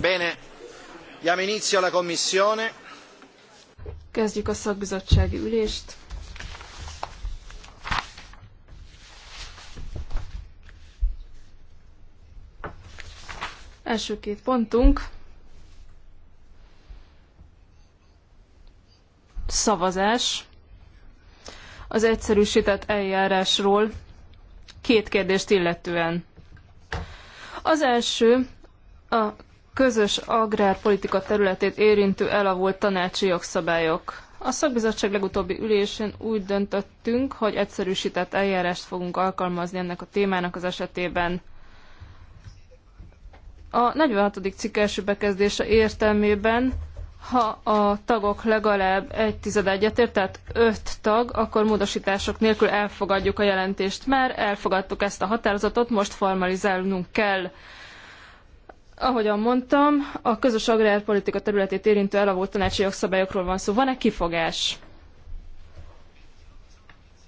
Bene, diamo inizio alla commissione. Kezdjük a szakbizottsági ülést. Első két pontunk. Szavazás. Az egyszerűsített eljárásról két kérdést illetően. Az első a közös agrárpolitika területét érintő elavult tanácsi jogszabályok. A szakbizottság legutóbbi ülésén úgy döntöttünk, hogy egyszerűsített eljárást fogunk alkalmazni ennek a témának az esetében. A 46. cikk első bekezdése értelmében ha a tagok legalább egy tized egyetért, tehát öt tag, akkor módosítások nélkül elfogadjuk a jelentést. Már elfogadtuk ezt a határozatot, most formalizálnunk kell. Ahogyan mondtam, a közös agrárpolitika területét érintő elavult tanácsi jogszabályokról van szó. Van-e kifogás?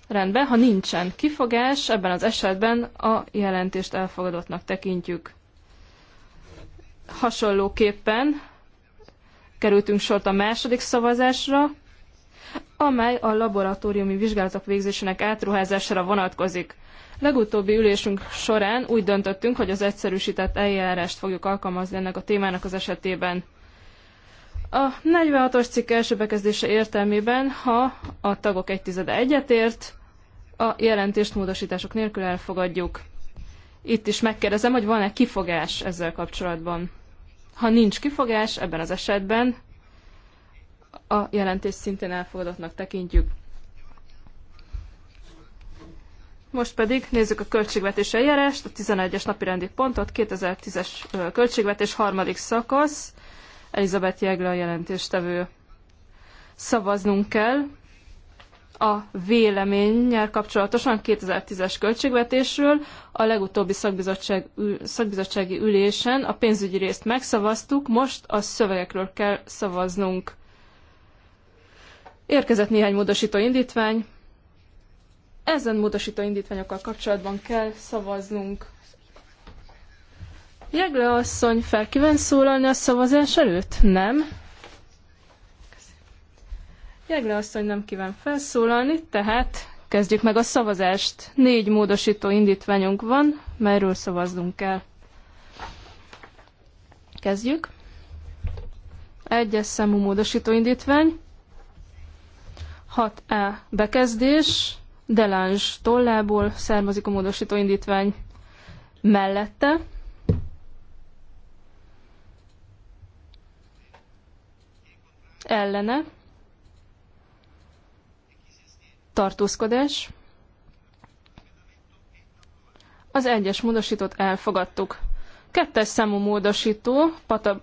Rendben, ha nincsen kifogás, ebben az esetben a jelentést elfogadottnak tekintjük. Hasonlóképpen kerültünk sort a második szavazásra, amely a laboratóriumi vizsgálatok végzésének átruházására vonatkozik. Legutóbbi ülésünk során úgy döntöttünk, hogy az egyszerűsített eljárást fogjuk alkalmazni ennek a témának az esetében. A 46-os cikk első bekezdése értelmében, ha a tagok egy tizede egyetért, a jelentést módosítások nélkül elfogadjuk. Itt is megkérdezem, hogy van-e kifogás ezzel kapcsolatban. Ha nincs kifogás, ebben az esetben a jelentés szintén elfogadottnak tekintjük. Most pedig nézzük a költségvetés eljárást, a 11-es rendi pontot, 2010-es költségvetés harmadik szakasz, Elizabeth Jegle a jelentéstevő. Szavaznunk kell a véleménnyel kapcsolatosan 2010-es költségvetésről a legutóbbi szakbizottság, szakbizottsági ülésen a pénzügyi részt megszavaztuk, most a szövegekről kell szavaznunk. Érkezett néhány módosító indítvány. Ezen módosító indítványokkal kapcsolatban kell szavaznunk. Jegle asszony fel kíván szólalni a szavazás előtt? Nem. Jegle asszony nem kíván felszólalni, tehát kezdjük meg a szavazást. Négy módosító indítványunk van, melyről szavaznunk kell. Kezdjük. Egyes számú módosító indítvány. 6E bekezdés. Delange tollából származik a módosító indítvány mellette. Ellene tartózkodás. Az egyes módosítót elfogadtuk. Kettes számú módosító,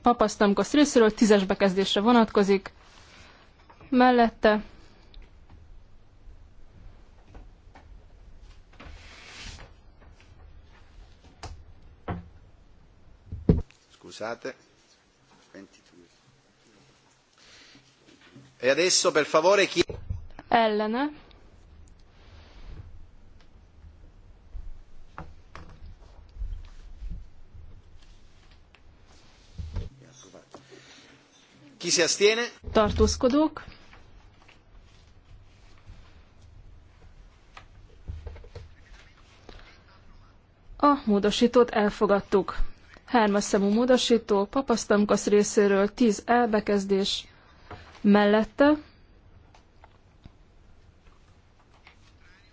papasztamkosz részéről tízes bekezdésre vonatkozik. Mellette Scusate. E adesso per favore chi... Ellene. Ki si astiene? Tartózkodók. A módosítót elfogadtuk. Hármas számú módosító, papasztamkasz részéről 10 elbekezdés mellette,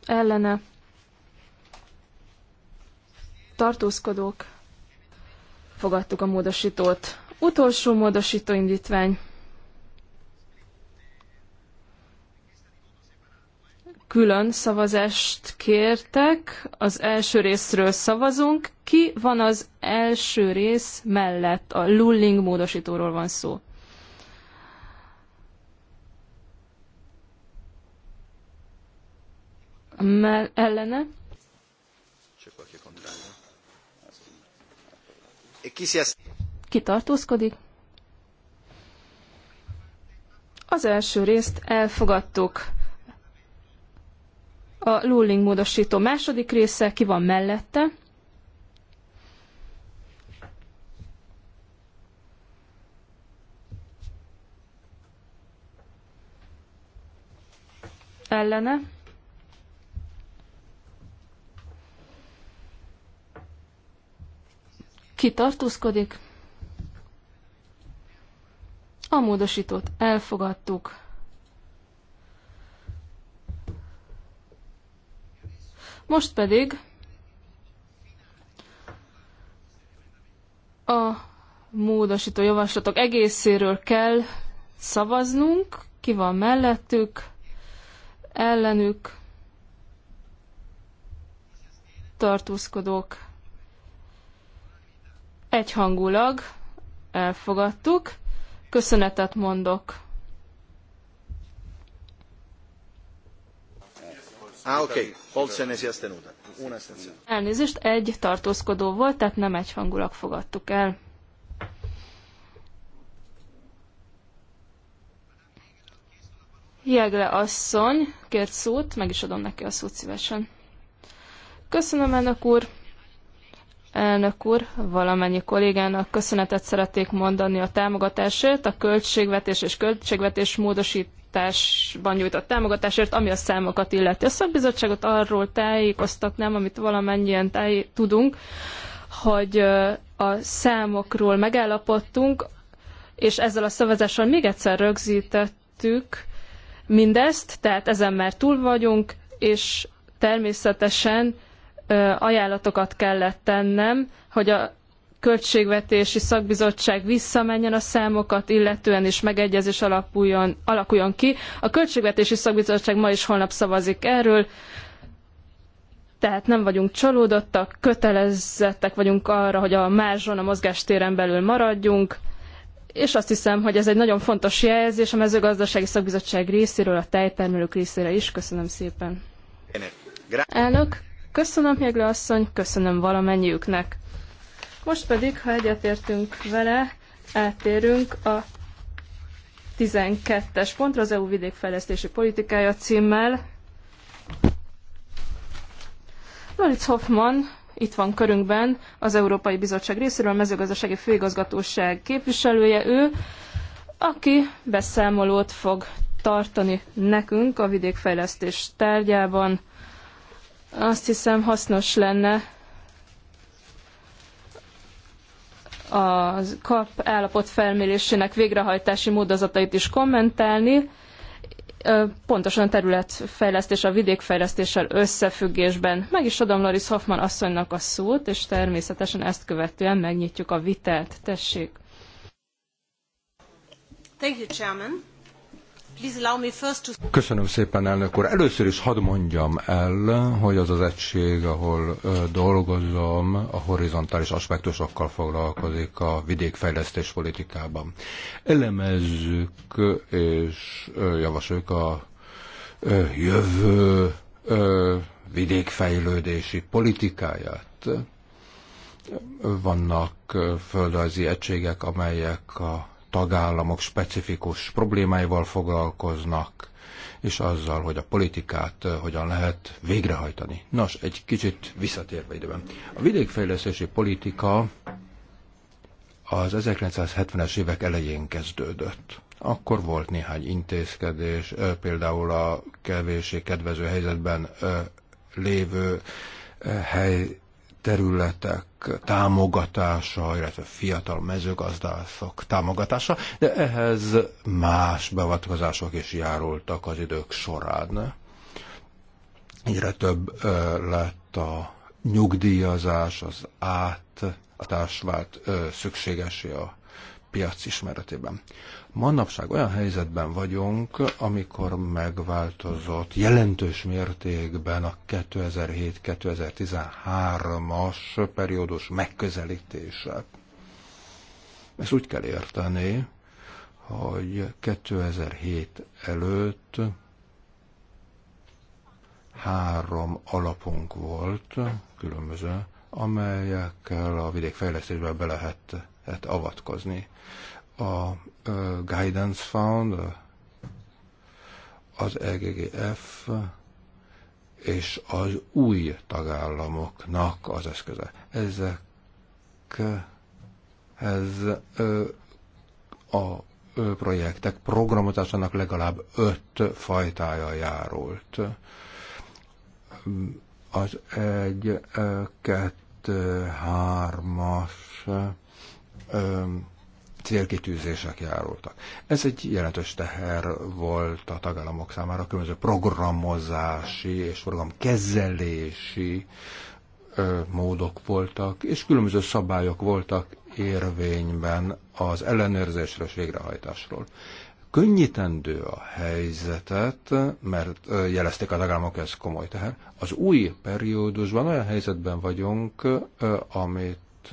ellene tartózkodók, fogadtuk a módosítót. Utolsó módosító indítvány. külön szavazást kértek. Az első részről szavazunk. Ki van az első rész mellett? A lulling módosítóról van szó. Mell ellene? Ki tartózkodik? Az első részt elfogadtuk. A lulling módosító második része, ki van mellette? Ellene? Ki tartózkodik? A módosítót elfogadtuk. Most pedig a módosító javaslatok egészéről kell szavaznunk, ki van mellettük, ellenük, tartózkodók. Egyhangulag elfogadtuk. Köszönetet mondok Ah, szóval oké. Okay. Elnézést, egy tartózkodó volt, tehát nem egy egyhangulag fogadtuk el. Jegle asszony kért szót, meg is adom neki a szót szívesen. Köszönöm, elnök úr! Elnök úr, valamennyi kollégának köszönetet szeretnék mondani a támogatásért, a költségvetés és költségvetés módosításban nyújtott támogatásért, ami a számokat illeti. A szakbizottságot arról tájékoztatnám, amit valamennyien táj- tudunk, hogy a számokról megállapodtunk, és ezzel a szavazással még egyszer rögzítettük mindezt, tehát ezen már túl vagyunk, és természetesen ajánlatokat kellett tennem, hogy a költségvetési szakbizottság visszamenjen a számokat, illetően is megegyezés alapuljon, alakuljon ki. A költségvetési szakbizottság ma és holnap szavazik erről, tehát nem vagyunk csalódottak, kötelezettek vagyunk arra, hogy a mázson, a mozgástéren belül maradjunk, és azt hiszem, hogy ez egy nagyon fontos jelzés a mezőgazdasági szakbizottság részéről, a tejtermelők részére is. Köszönöm szépen. Elnök, Köszönöm, Jegle asszony, köszönöm valamennyiüknek. Most pedig, ha egyetértünk vele, eltérünk a 12-es pontra az EU vidékfejlesztési politikája címmel. Loritz Hoffman itt van körünkben az Európai Bizottság részéről a mezőgazdasági főigazgatóság képviselője ő, aki beszámolót fog tartani nekünk a vidékfejlesztés tárgyában. Azt hiszem hasznos lenne a kap állapot felmérésének végrehajtási módozatait is kommentálni, pontosan a területfejlesztés a vidékfejlesztéssel összefüggésben. Meg is adom Loris Hoffman asszonynak a szót, és természetesen ezt követően megnyitjuk a vitát. Tessék! Thank you, Chairman. Köszönöm szépen, elnök úr. Először is hadd mondjam el, hogy az az egység, ahol dolgozom, a horizontális aspektusokkal foglalkozik a vidékfejlesztés politikában. Elemezzük és javasoljuk a jövő vidékfejlődési politikáját. Vannak földrajzi egységek, amelyek a tagállamok specifikus problémáival foglalkoznak, és azzal, hogy a politikát eh, hogyan lehet végrehajtani. Nos, egy kicsit visszatérve időben. A vidékfejlesztési politika az 1970-es évek elején kezdődött. Akkor volt néhány intézkedés, eh, például a kevésé kedvező helyzetben eh, lévő hely területek támogatása, illetve fiatal mezőgazdászok támogatása, de ehhez más beavatkozások is járultak az idők során. Egyre több lett a nyugdíjazás, az átadás vált szükségesé a piac ismeretében. Manapság olyan helyzetben vagyunk, amikor megváltozott jelentős mértékben a 2007-2013-as periódus megközelítése. Ezt úgy kell érteni, hogy 2007 előtt három alapunk volt, különböző, amelyekkel a vidékfejlesztésbe be lehet lehet avatkozni. A Guidance Fund, az EGGF és az új tagállamoknak az eszköze. Ezekhez a projektek programozásának legalább öt fajtája járult. Az egy, kettő, hármas célkitűzések járultak. Ez egy jelentős teher volt a tagállamok számára, különböző programozási és programkezelési ö, módok voltak, és különböző szabályok voltak érvényben az ellenőrzésre és végrehajtásról. Könnyítendő a helyzetet, mert jelezték a tagállamok, ez komoly teher. Az új periódusban olyan helyzetben vagyunk, amit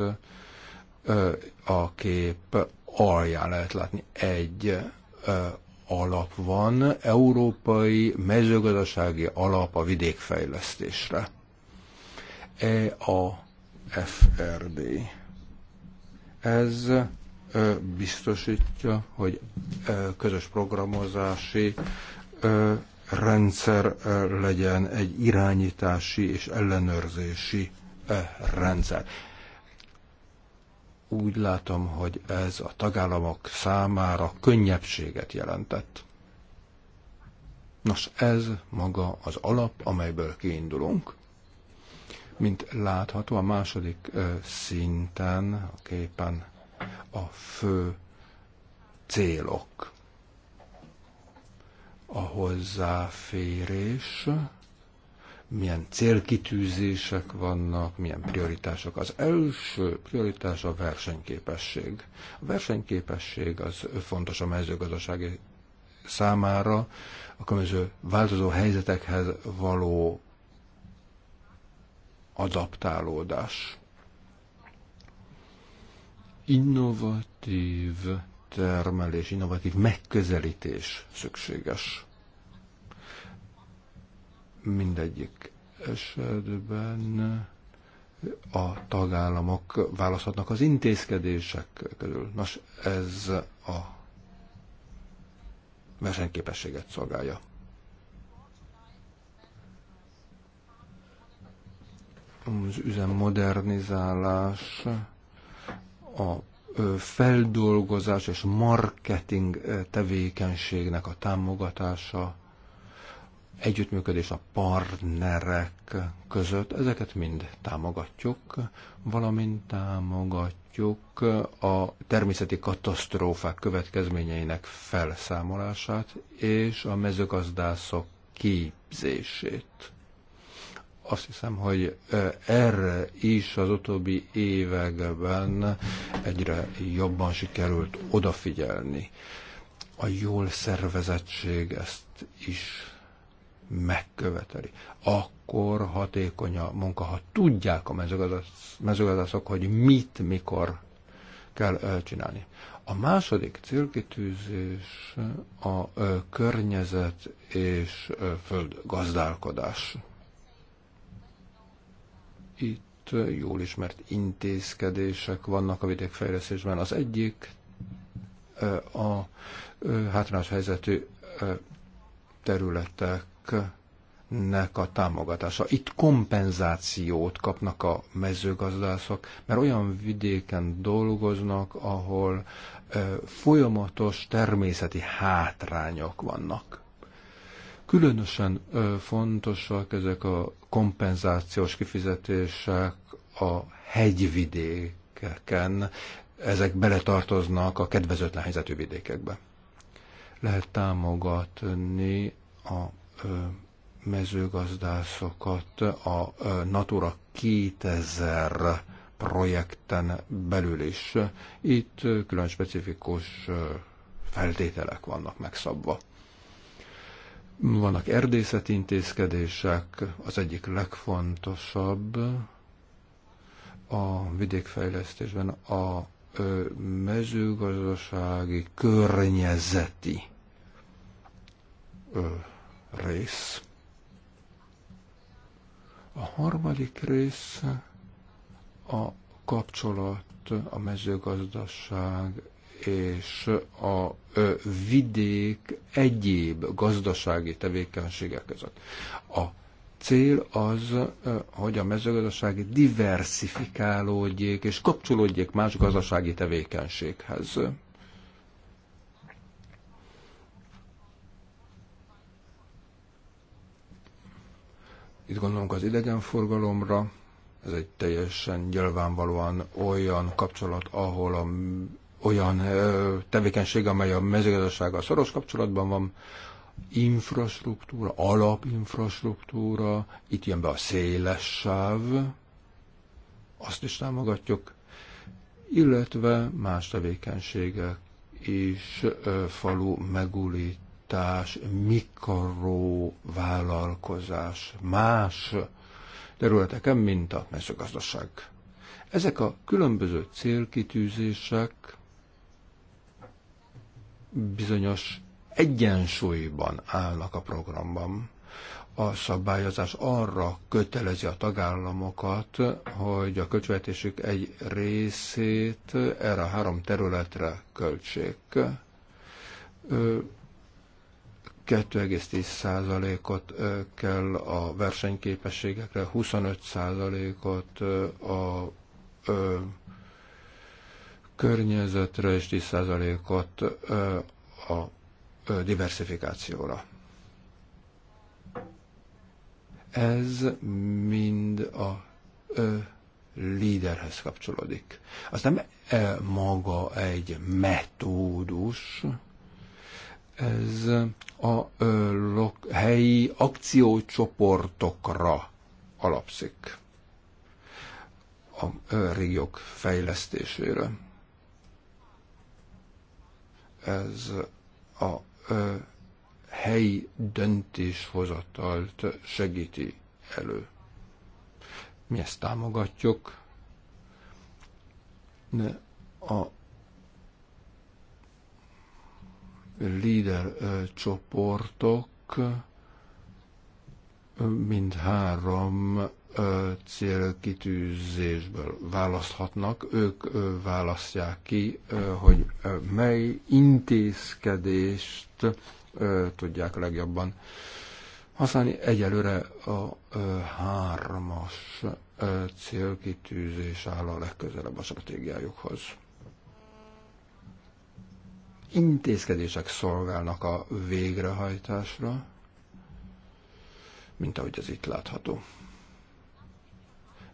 a kép alján lehet látni egy alap van, európai mezőgazdasági alap a vidékfejlesztésre. E a FRD. Ez biztosítja, hogy közös programozási rendszer legyen, egy irányítási és ellenőrzési rendszer úgy látom, hogy ez a tagállamok számára könnyebbséget jelentett. Nos, ez maga az alap, amelyből kiindulunk. Mint látható, a második szinten a képen a fő célok. A hozzáférés, milyen célkitűzések vannak, milyen prioritások. Az első prioritás a versenyképesség. A versenyképesség az fontos a mezőgazdasági számára, a különböző változó helyzetekhez való adaptálódás. Innovatív termelés, innovatív megközelítés szükséges mindegyik esetben a tagállamok választhatnak az intézkedések körül. Nos, ez a versenyképességet szolgálja. Az üzemmodernizálás, modernizálás, a feldolgozás és marketing tevékenységnek a támogatása, együttműködés a partnerek között, ezeket mind támogatjuk, valamint támogatjuk a természeti katasztrófák következményeinek felszámolását és a mezőgazdászok képzését. Azt hiszem, hogy erre is az utóbbi években egyre jobban sikerült odafigyelni. A jól szervezettség ezt is megköveteli. Akkor hatékony a munka, ha tudják a mezőgazdaszok, hogy mit, mikor kell csinálni. A második célkitűzés a környezet és földgazdálkodás. Itt jól ismert intézkedések vannak a vidékfejlesztésben. Az egyik a hátrányos helyzetű területek nek a támogatása. Itt kompenzációt kapnak a mezőgazdászok, mert olyan vidéken dolgoznak, ahol folyamatos természeti hátrányok vannak. Különösen fontosak ezek a kompenzációs kifizetések a hegyvidékeken, ezek beletartoznak a kedvezőtlen helyzetű vidékekbe. Lehet támogatni a mezőgazdászokat a Natura 2000 projekten belül is. Itt külön specifikus feltételek vannak megszabva. Vannak erdészeti intézkedések, az egyik legfontosabb a vidékfejlesztésben a mezőgazdasági környezeti rész. A harmadik rész a kapcsolat a mezőgazdaság és a vidék egyéb gazdasági tevékenységek között. A cél az, hogy a mezőgazdaság diversifikálódjék és kapcsolódjék más gazdasági tevékenységhez. Itt gondolunk az idegenforgalomra, ez egy teljesen nyilvánvalóan olyan kapcsolat, ahol a, olyan ö, tevékenység, amely a mezőgazdasággal szoros kapcsolatban van, infrastruktúra, alapinfrastruktúra, itt jön be a széles sáv, azt is támogatjuk, illetve más tevékenységek is ö, falu megúlít, kutatás, mikrovállalkozás más területeken, mint a mezőgazdaság. Ezek a különböző célkitűzések bizonyos egyensúlyban állnak a programban. A szabályozás arra kötelezi a tagállamokat, hogy a költségvetésük egy részét erre a három területre költsék 21 ot kell a versenyképességekre, 25%-ot a ö, környezetre és 10%-ot a ö, diversifikációra. Ez mind a ö, líderhez kapcsolódik. Az nem e, maga egy metódus, ez a ö, helyi akciócsoportokra alapszik a ö, régiók fejlesztésére. Ez a ö, helyi döntéshozatalt segíti elő. Mi ezt támogatjuk, de a líder csoportok mind három célkitűzésből választhatnak. Ők választják ki, hogy mely intézkedést tudják legjobban használni. Egyelőre a hármas célkitűzés áll a legközelebb a stratégiájukhoz intézkedések szolgálnak a végrehajtásra, mint ahogy az itt látható.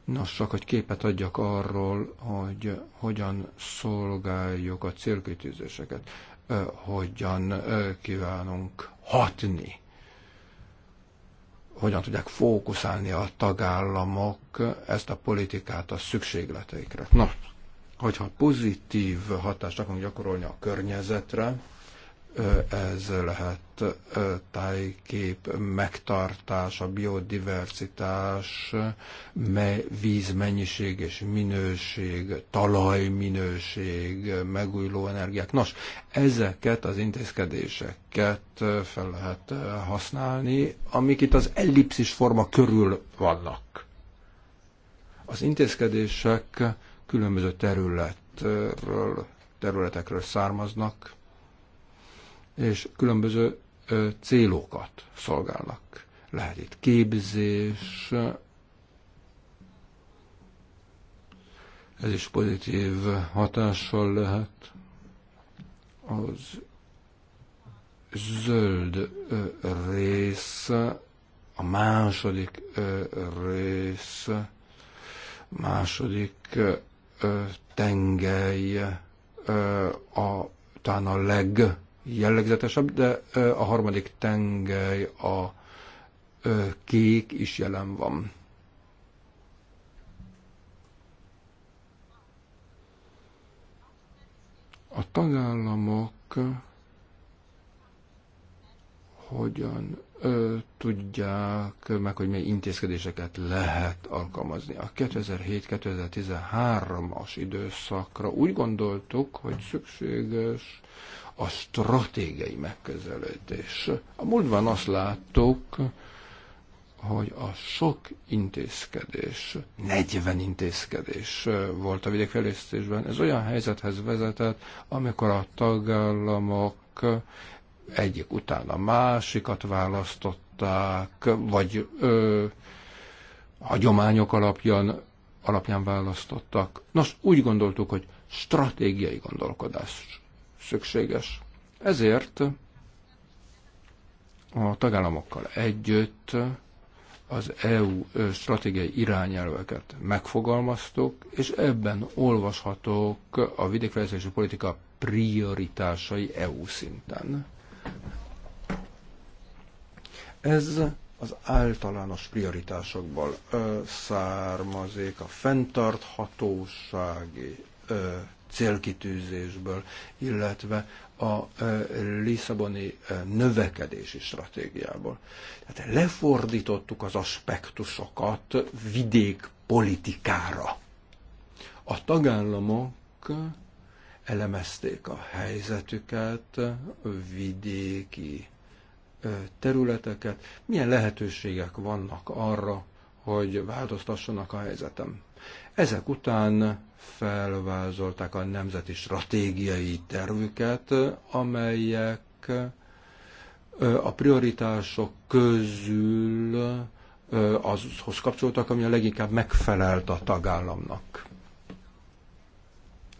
Nos, csak hogy képet adjak arról, hogy hogyan szolgáljuk a célkütőzéseket, hogyan kívánunk hatni, hogyan tudják fókuszálni a tagállamok ezt a politikát a szükségleteikre. Nos, hogyha pozitív hatást akarunk gyakorolni a környezetre, ez lehet tájkép megtartása, biodiversitás, víz mennyiség és minőség, talajminőség, megújuló energiák. Nos, ezeket az intézkedéseket fel lehet használni, amik itt az ellipszis forma körül vannak. Az intézkedések különböző területről, területekről származnak, és különböző célokat szolgálnak. Lehet itt képzés, ez is pozitív hatással lehet az zöld rész, a második rész, második tengely a, talán a legjellegzetesebb, de a harmadik tengely a kék is jelen van. A tagállamok hogyan tudják meg, hogy mely intézkedéseket lehet alkalmazni. A 2007-2013-as időszakra úgy gondoltuk, hogy szükséges a stratégiai megközelítés. A múltban azt láttuk, hogy a sok intézkedés, 40 intézkedés volt a vidékfejlesztésben, ez olyan helyzethez vezetett, amikor a tagállamok egyik után a másikat választották, vagy ö, hagyományok alapján, alapján választottak. Nos, úgy gondoltuk, hogy stratégiai gondolkodás szükséges. Ezért a tagállamokkal együtt az EU stratégiai irányelveket megfogalmaztuk, és ebben olvashatók a vidékfejlesztési politika prioritásai EU szinten. Ez az általános prioritásokból ö, származik a fenntarthatósági ö, célkitűzésből, illetve a ö, Lisszaboni ö, növekedési stratégiából. Tehát lefordítottuk az aspektusokat vidékpolitikára. A tagállamok elemezték a helyzetüket, vidéki területeket, milyen lehetőségek vannak arra, hogy változtassanak a helyzetem. Ezek után felvázolták a nemzeti stratégiai tervüket, amelyek a prioritások közül azhoz kapcsoltak, ami a leginkább megfelelt a tagállamnak.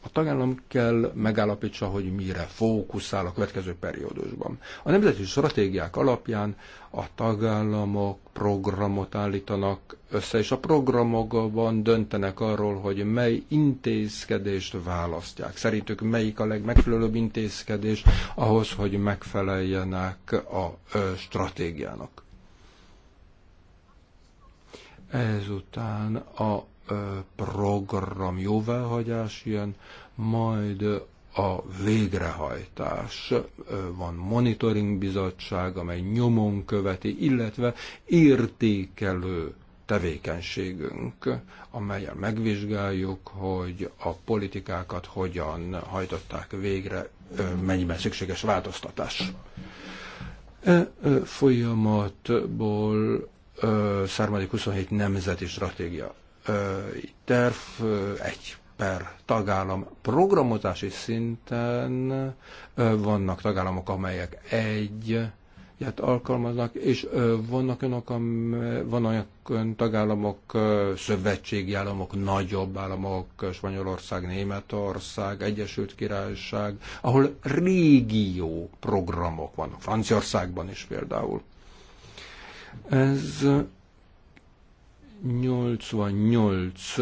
A tagállam kell megállapítsa, hogy mire fókuszál a következő periódusban. A nemzeti stratégiák alapján a tagállamok programot állítanak össze, és a programokban döntenek arról, hogy mely intézkedést választják. Szerintük melyik a legmegfelelőbb intézkedés ahhoz, hogy megfeleljenek a stratégiának. Ezután a program jóváhagyás ilyen, majd a végrehajtás. Van monitoring bizottság, amely nyomon követi, illetve értékelő tevékenységünk, amelyen megvizsgáljuk, hogy a politikákat hogyan hajtották végre, mennyiben szükséges változtatás. E folyamatból származik 27 nemzeti stratégia terv egy per tagállam. Programozási szinten vannak tagállamok, amelyek egy alkalmaznak, és vannak önök, vannak ön tagállamok, szövetségi államok, nagyobb államok, Spanyolország, Németország, Egyesült Királyság, ahol régió programok vannak, Franciaországban is például. Ez 88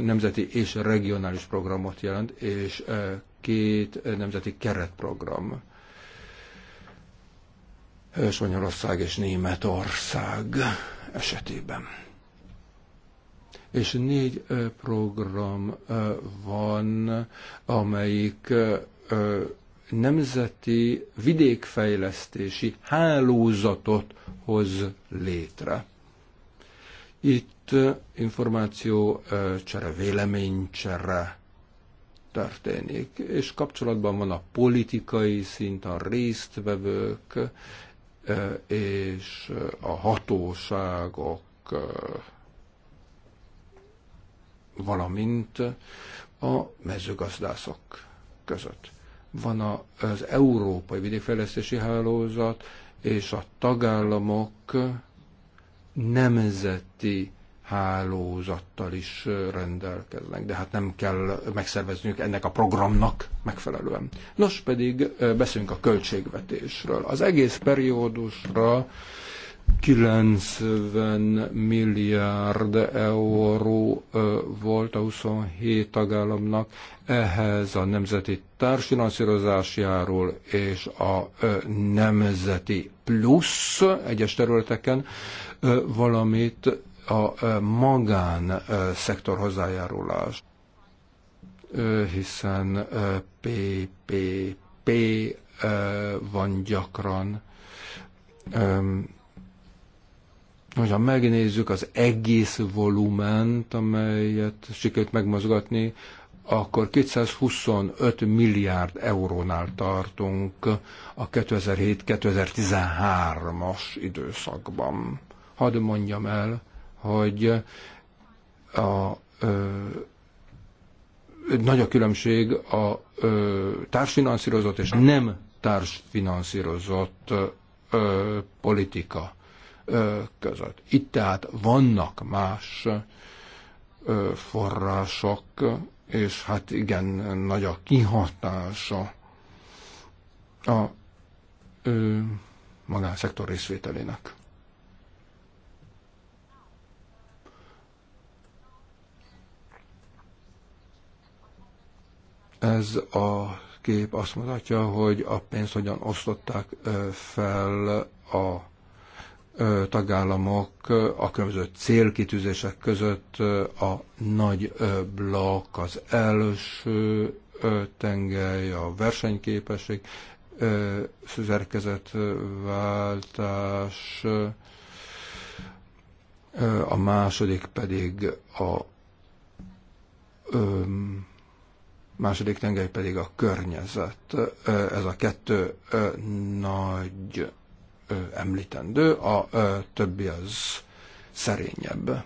nemzeti és regionális programot jelent, és két nemzeti keretprogram. Spanyolország és Németország esetében. És négy program van, amelyik nemzeti vidékfejlesztési hálózatot hoz létre. Itt információ csere, csere történik, és kapcsolatban van a politikai szint, a résztvevők és a hatóságok, valamint a mezőgazdászok között. Van az Európai Vidékfejlesztési Hálózat és a tagállamok nemzeti hálózattal is rendelkeznek, de hát nem kell megszervezniük ennek a programnak megfelelően. Nos, pedig beszéljünk a költségvetésről. Az egész periódusra 90 milliárd euró volt a 27 tagállamnak, ehhez a nemzeti társfinanszírozás járul, és a nemzeti plusz egyes területeken, valamit a magán szektor hozzájárulás, hiszen PPP van gyakran. Ha megnézzük az egész volument, amelyet sikerült megmozgatni, akkor 225 milliárd eurónál tartunk a 2007-2013-as időszakban. Hadd mondjam el, hogy a ö, nagy a különbség a ö, társfinanszírozott és nem társfinanszírozott ö, politika ö, között. Itt tehát vannak más ö, források, és hát igen, nagy a kihatása a ö, magánszektor részvételének. Ez a kép azt mutatja, hogy a pénzt hogyan osztották fel a tagállamok a különböző célkitűzések között a nagy blokk, az első tengely, a versenyképesség, szüzerkezetváltás, a második pedig a második tengely pedig a környezet. Ez a kettő nagy említendő, a többi az szerényebb.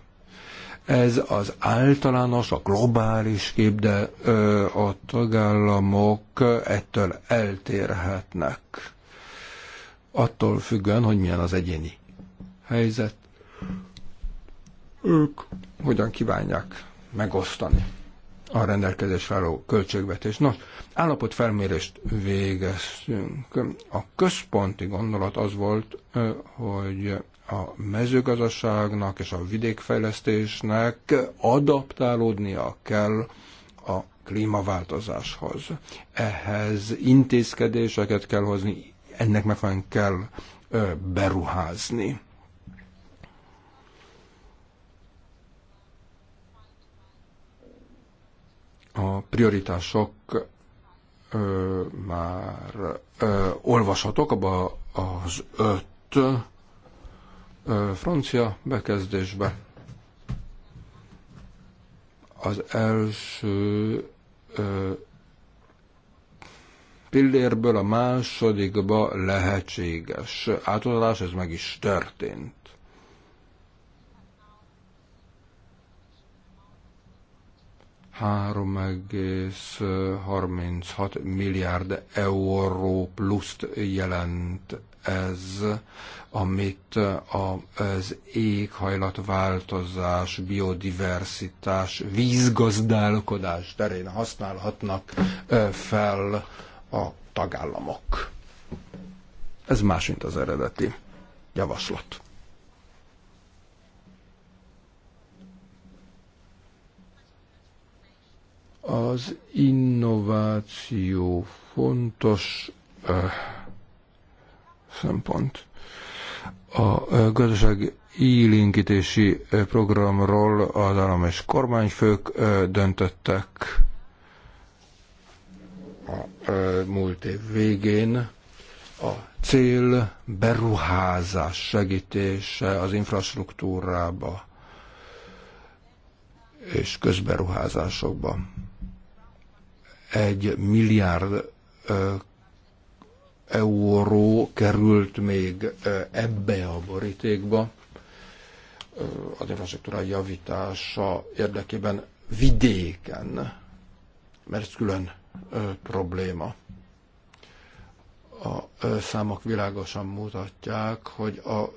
Ez az általános, a globális kép, de a tagállamok ettől eltérhetnek. Attól függően, hogy milyen az egyéni helyzet, ők hogyan kívánják megosztani a rendelkezésre álló költségvetés. Nos, állapotfelmérést végeztünk. A központi gondolat az volt, hogy a mezőgazdaságnak és a vidékfejlesztésnek adaptálódnia kell a klímaváltozáshoz. Ehhez intézkedéseket kell hozni, ennek megfelelően kell beruházni. A prioritások ö, már ö, olvashatók abba az öt ö, francia bekezdésbe. Az első ö, pillérből a másodikba lehetséges átadás, ez meg is történt. 3,36 milliárd euró pluszt jelent ez, amit az éghajlatváltozás, biodiversitás, vízgazdálkodás terén használhatnak fel a tagállamok. Ez más, mint az eredeti javaslat. Az innováció fontos eh, szempont. A eh, gazdaság élénkítési eh, programról az állam és kormányfők eh, döntöttek a eh, múlt év végén. A cél beruházás segítése az infrastruktúrába és közberuházásokban egy milliárd euró került még ebbe a borítékba az infrastruktúra javítása érdekében vidéken, mert ez külön probléma. A számok világosan mutatják, hogy a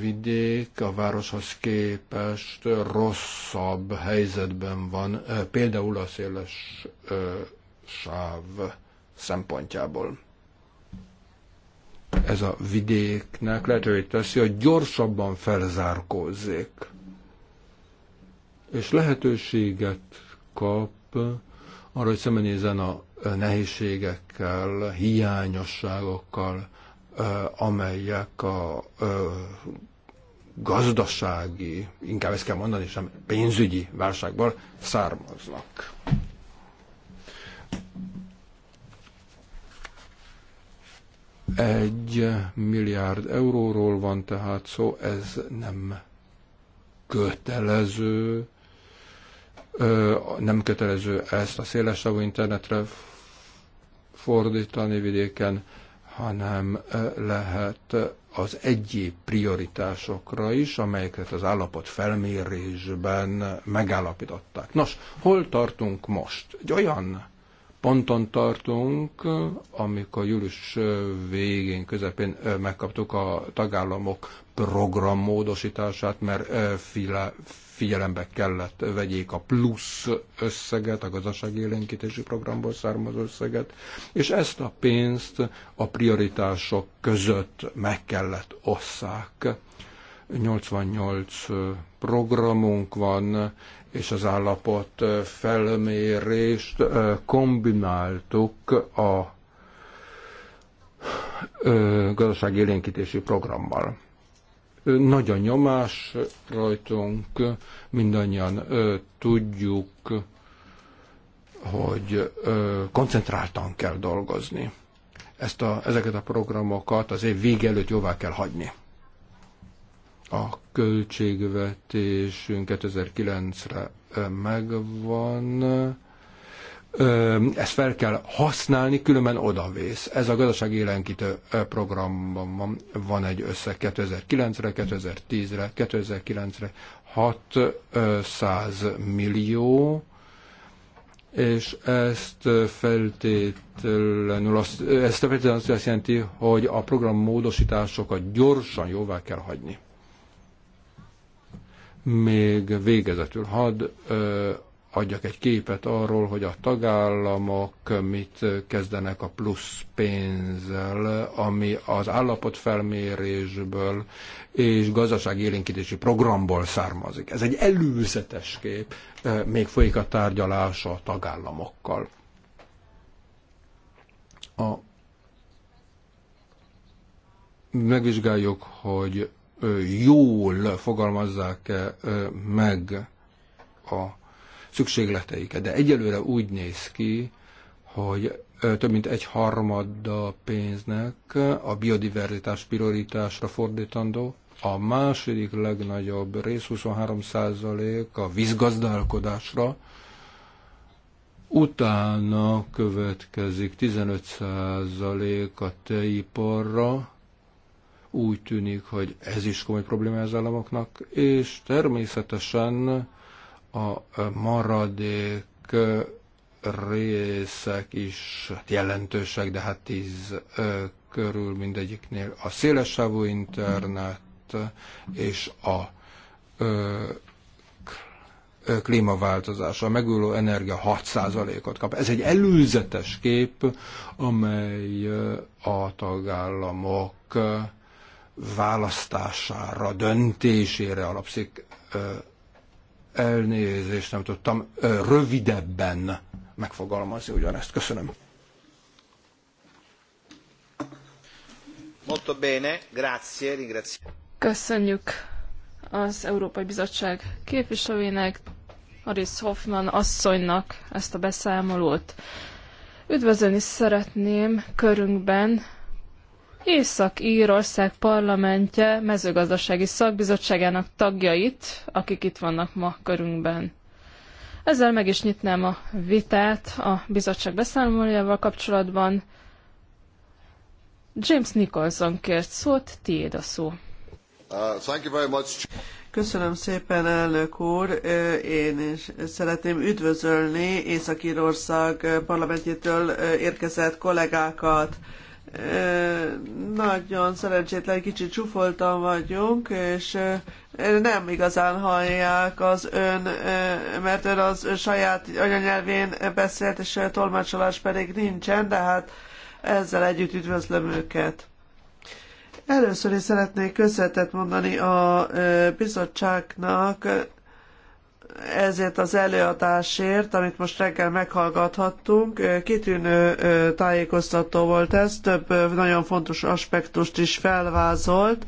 vidék a városhoz képest rosszabb helyzetben van, például a széles sáv szempontjából. Ez a vidéknek lehetővé teszi, hogy gyorsabban felzárkózzék, és lehetőséget kap arra, hogy szembenézzen a nehézségekkel, hiányosságokkal, amelyek a gazdasági, inkább ezt kell mondani, sem pénzügyi válságból származnak. Egy milliárd euróról van tehát szó, ez nem kötelező, nem kötelező ezt a szélesávú internetre fordítani vidéken, hanem lehet az egyéb prioritásokra is, amelyeket az állapot felmérésben megállapították. Nos, hol tartunk most? Egy olyan ponton tartunk, amikor július végén, közepén megkaptuk a tagállamok programmódosítását, mert figyelembe kellett vegyék a plusz összeget, a gazdasági élénkítési programból származó összeget, és ezt a pénzt a prioritások között meg kellett osszák. 88 programunk van, és az állapot felmérést kombináltuk a élénkítési programmal. Nagy a nyomás rajtunk, mindannyian tudjuk, hogy koncentráltan kell dolgozni. Ezt a, ezeket a programokat az év vége előtt jóvá kell hagyni. A költségvetésünk 2009-re megvan. Ezt fel kell használni, különben odavész. Ez a gazdaság élenkítő programban van, van egy összeg 2009-re, 2010-re, 2009-re 600 millió, és ezt feltétlenül azt, ezt feltétlenül azt jelenti, hogy a program módosításokat gyorsan jóvá kell hagyni. Még végezetül hadd adjak egy képet arról, hogy a tagállamok mit kezdenek a plusz pénzzel, ami az állapotfelmérésből és gazdaságélénkítési programból származik. Ez egy előzetes kép, még folyik a tárgyalása a tagállamokkal. A megvizsgáljuk, hogy jól fogalmazzák -e meg a szükségleteiket. De egyelőre úgy néz ki, hogy több mint egy harmada pénznek a biodiverzitás prioritásra fordítandó, a második legnagyobb rész 23% a vízgazdálkodásra, utána következik 15% a tejiparra, úgy tűnik, hogy ez is komoly probléma az államoknak, és természetesen a maradék részek is hát jelentősek, de hát tíz körül mindegyiknél a szélesávú internet és a ö, klímaváltozás, a megújuló energia 6%-ot kap. Ez egy előzetes kép, amely a tagállamok választására, döntésére alapszik. Elnézést nem tudtam rövidebben megfogalmazni ugyanezt. Köszönöm. Molto bene, grazie, ringrazio. Köszönjük az Európai Bizottság képviselőjének, Aris Hoffman asszonynak ezt a beszámolót. Üdvözölni szeretném körünkben Észak-Írország parlamentje mezőgazdasági szakbizottságának tagjait, akik itt vannak ma körünkben. Ezzel meg is nyitnám a vitát a bizottság beszámolójával kapcsolatban. James Nicholson kért szót, tiéd a szó. Uh, Köszönöm szépen, elnök úr. Én is szeretném üdvözölni Észak-Írország parlamentjétől érkezett kollégákat nagyon szerencsétlen, kicsit csúfoltan vagyunk, és nem igazán hallják az ön, mert ön az saját anyanyelvén beszélt, és tolmácsolás pedig nincsen, de hát ezzel együtt üdvözlöm őket. Először is szeretnék köszönetet mondani a bizottságnak ezért az előadásért, amit most reggel meghallgathattunk. Kitűnő tájékoztató volt ez, több nagyon fontos aspektust is felvázolt,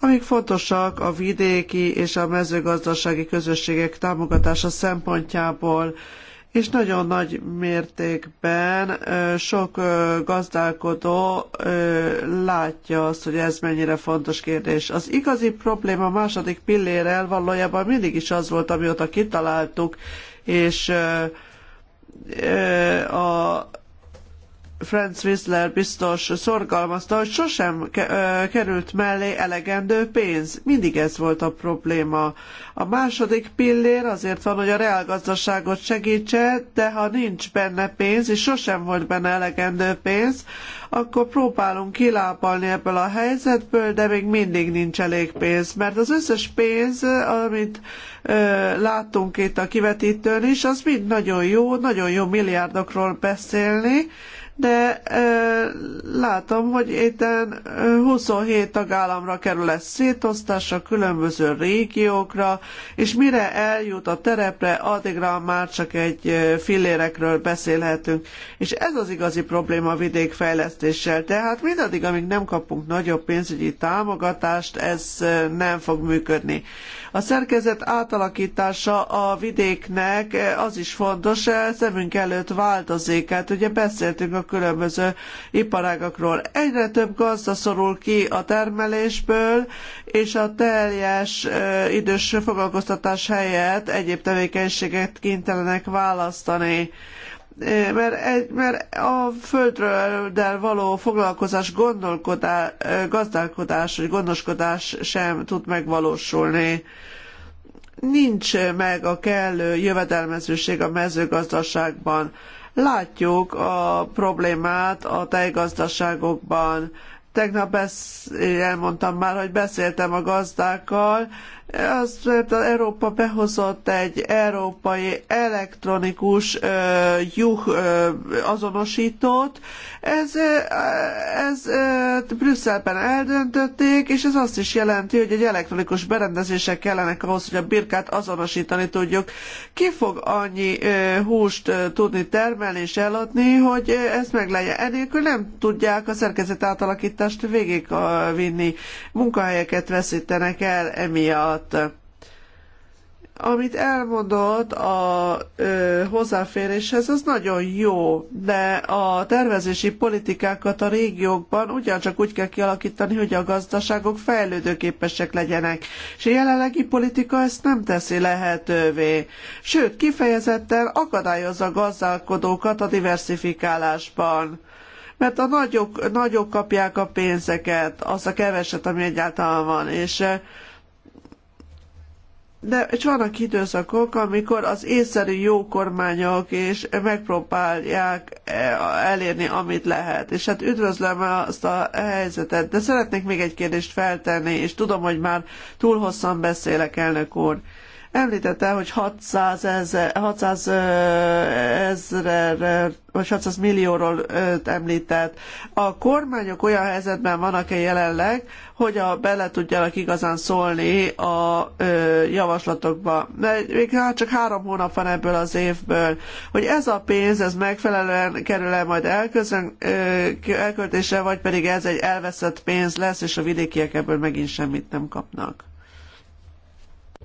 amik fontosak a vidéki és a mezőgazdasági közösségek támogatása szempontjából és nagyon nagy mértékben sok gazdálkodó látja azt, hogy ez mennyire fontos kérdés. Az igazi probléma a második pillérrel valójában mindig is az volt, amióta kitaláltuk, és a Franz Wissler biztos szorgalmazta, hogy sosem került mellé elegendő pénz. Mindig ez volt a probléma. A második pillér azért van, hogy a reálgazdaságot segítse, de ha nincs benne pénz, és sosem volt benne elegendő pénz, akkor próbálunk kilábalni ebből a helyzetből, de még mindig nincs elég pénz. Mert az összes pénz, amit ö, itt a kivetítőn is, az mind nagyon jó, nagyon jó milliárdokról beszélni, de látom, hogy itt 27 tagállamra kerül ez szétosztásra, különböző régiókra, és mire eljut a terepre, addigra már csak egy fillérekről beszélhetünk. És ez az igazi probléma a vidékfejlesztéssel. Tehát mindaddig, amíg nem kapunk nagyobb pénzügyi támogatást, ez nem fog működni. A szerkezet átalakítása a vidéknek eh, az is fontos, eh, szemünk előtt változik. Hát ugye beszéltünk a különböző iparágakról. Egyre több gazda szorul ki a termelésből, és a teljes eh, idős foglalkoztatás helyett egyéb tevékenységet kénytelenek választani mert, egy, mert a földről való foglalkozás, gondolkodás, gazdálkodás vagy gondoskodás sem tud megvalósulni. Nincs meg a kellő jövedelmezőség a mezőgazdaságban. Látjuk a problémát a tejgazdaságokban. Tegnap besz- elmondtam már, hogy beszéltem a gazdákkal, Azért az Európa behozott egy európai elektronikus juh uh, azonosítót. Ez, ez Brüsszelben eldöntötték, és ez azt is jelenti, hogy egy elektronikus berendezések kellenek ahhoz, hogy a birkát azonosítani tudjuk. Ki fog annyi húst tudni termelni és eladni, hogy ez meglegyen Enélkül nem tudják a szerkezet átalakítást végigvinni. Munkahelyeket veszítenek el emiatt díjat. Amit elmondott a ö, hozzáféréshez, az nagyon jó, de a tervezési politikákat a régiókban ugyancsak úgy kell kialakítani, hogy a gazdaságok fejlődőképesek legyenek, és a jelenlegi politika ezt nem teszi lehetővé. Sőt, kifejezetten akadályozza a gazdálkodókat a diversifikálásban mert a nagyok, nagyok kapják a pénzeket, az a keveset, ami egyáltalán van, és de és vannak időszakok, amikor az észszerű jó kormányok és megpróbálják eh, elérni, amit lehet. És hát üdvözlöm azt a helyzetet, de szeretnék még egy kérdést feltenni, és tudom, hogy már túl hosszan beszélek, elnök úr. Említette, hogy 600, ezer, 600 ezer, vagy 600 millióról említett. A kormányok olyan helyzetben vannak-e jelenleg, hogy a bele tudjanak igazán szólni a ö, javaslatokba. Mert még hát csak három hónap van ebből az évből. Hogy ez a pénz, ez megfelelően kerül-e majd elközön, ö, elköltésre, vagy pedig ez egy elveszett pénz lesz, és a vidékiek ebből megint semmit nem kapnak.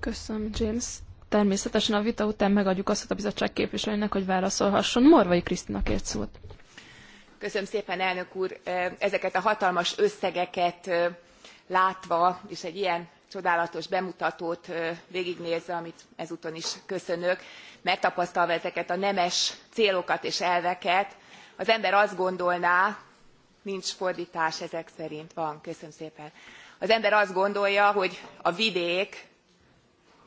Köszönöm, James. Természetesen a vita után megadjuk azt a bizottság képviselőnek, hogy válaszolhasson. Morvai Krisztina kért szót. Köszönöm szépen, elnök úr. Ezeket a hatalmas összegeket látva, és egy ilyen csodálatos bemutatót végignézve amit ezúton is köszönök megtapasztalva ezeket a nemes célokat és elveket az ember azt gondolná nincs fordtás ezek szerint van köszönöm szépen az ember azt gondolja hogy a vidék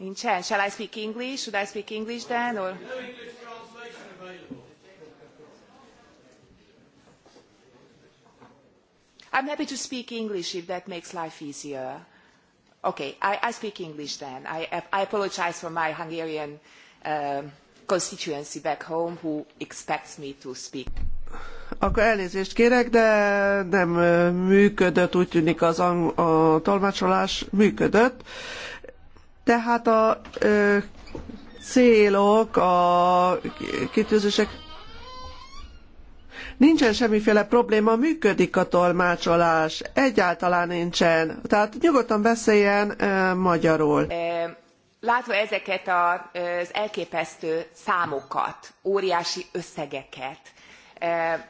Nincsen? Shall I speak English? Should I speak English then? Or? No English I'm happy to speak English if that makes life easier. Okay, I, I speak English then. I, I apologize for my Hungarian um, constituency back home who expects me to speak. Akkor elnézést kérek, de nem működött, úgy tűnik az a tolmácsolás működött. Tehát a ö, célok, a kitűzések Nincsen semmiféle probléma, működik a tolmácsolás, egyáltalán nincsen. Tehát nyugodtan beszéljen ö, magyarul. Látva ezeket a, az elképesztő számokat, óriási összegeket,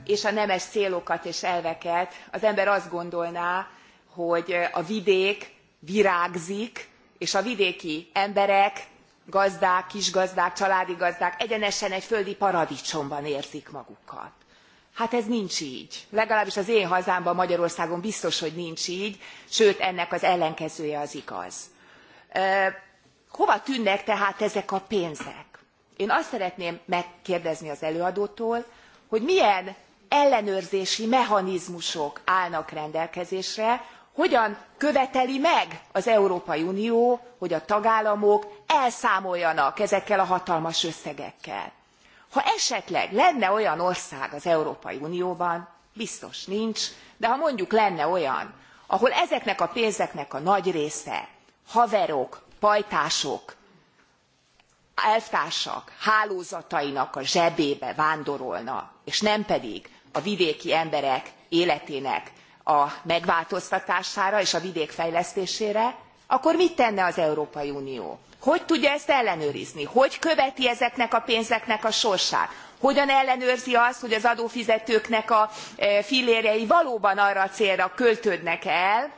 és a nemes célokat és elveket, az ember azt gondolná, hogy a vidék virágzik, és a vidéki emberek gazdák kisgazdák családi gazdák egyenesen egy földi paradicsomban érzik magukat. hát ez nincs gy legalábbis az én hazámban magyarországon biztos hogy nincs gy sőt ennek az ellenkezője az igaz. hova tűnnek tehát ezek a pénzek? én azt szeretném megkérdezni az előadótól hogy milyen ellenőrzési mechanizmusok állnak rendelkezésre hogyan követeli meg az európai unió hogy a tagállamok elszámoljanak ezekkel a hatalmas összegekkel? ha esetleg lenne olyan ország az európai unióban biztos nincs de ha mondjuk lenne olyan ahol ezeknek a pénzeknek a nagy része haverok pajtások elvtársak hálózatainak a zsebébe vándorolna és nem pedig a vidéki emberek életének a megváltoztatására és a vidék fejlesztésére akkor mit tenne az európai unió? hogy tudja ezt ellenőrizni? hogy követi ezeknek a pénzeknek a sorsát? hogyan ellenőrzi azt hogy az adófizetőknek a e, fillérjei valóban arra a célra költődnek e el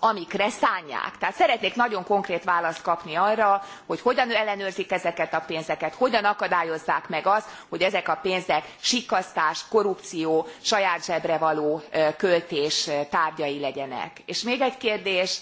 amikre szánják. tehát szeretnék nagyon konkrét választ kapni arra hogy hogyan ellenőrzik ezeket a pénzeket hogyan akadályozzák meg azt hogy ezek a pénzek sikkasztás korrupció saját zsebre való költés tárgyai legyenek. és még egy kérdés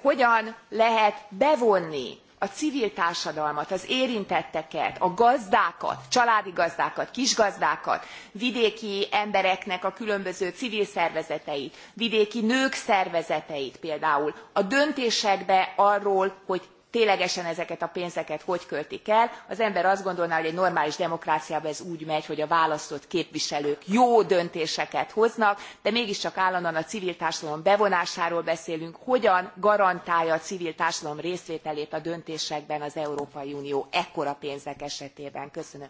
hogyan lehet bevonni a civil társadalmat az érintetteket a gazdákat családi gazdákat kisgazdákat vidéki embereknek a különböző civil szervezeteit vidéki nők szervezeteit például a döntésekbe arról hogy ténylegesen ezeket a pénzeket hogy költik el az ember azt gondolná hogy egy normális demokráciában ez úgy megy hogy a választott képviselők jó döntéseket hoznak de mégiscsak állandóan a civil társadalom bevonásáról beszélünk hogyan garantálja a civil társadalom részvételét a döntésekben az európai unió ekkora pénzek esetében? köszönöm.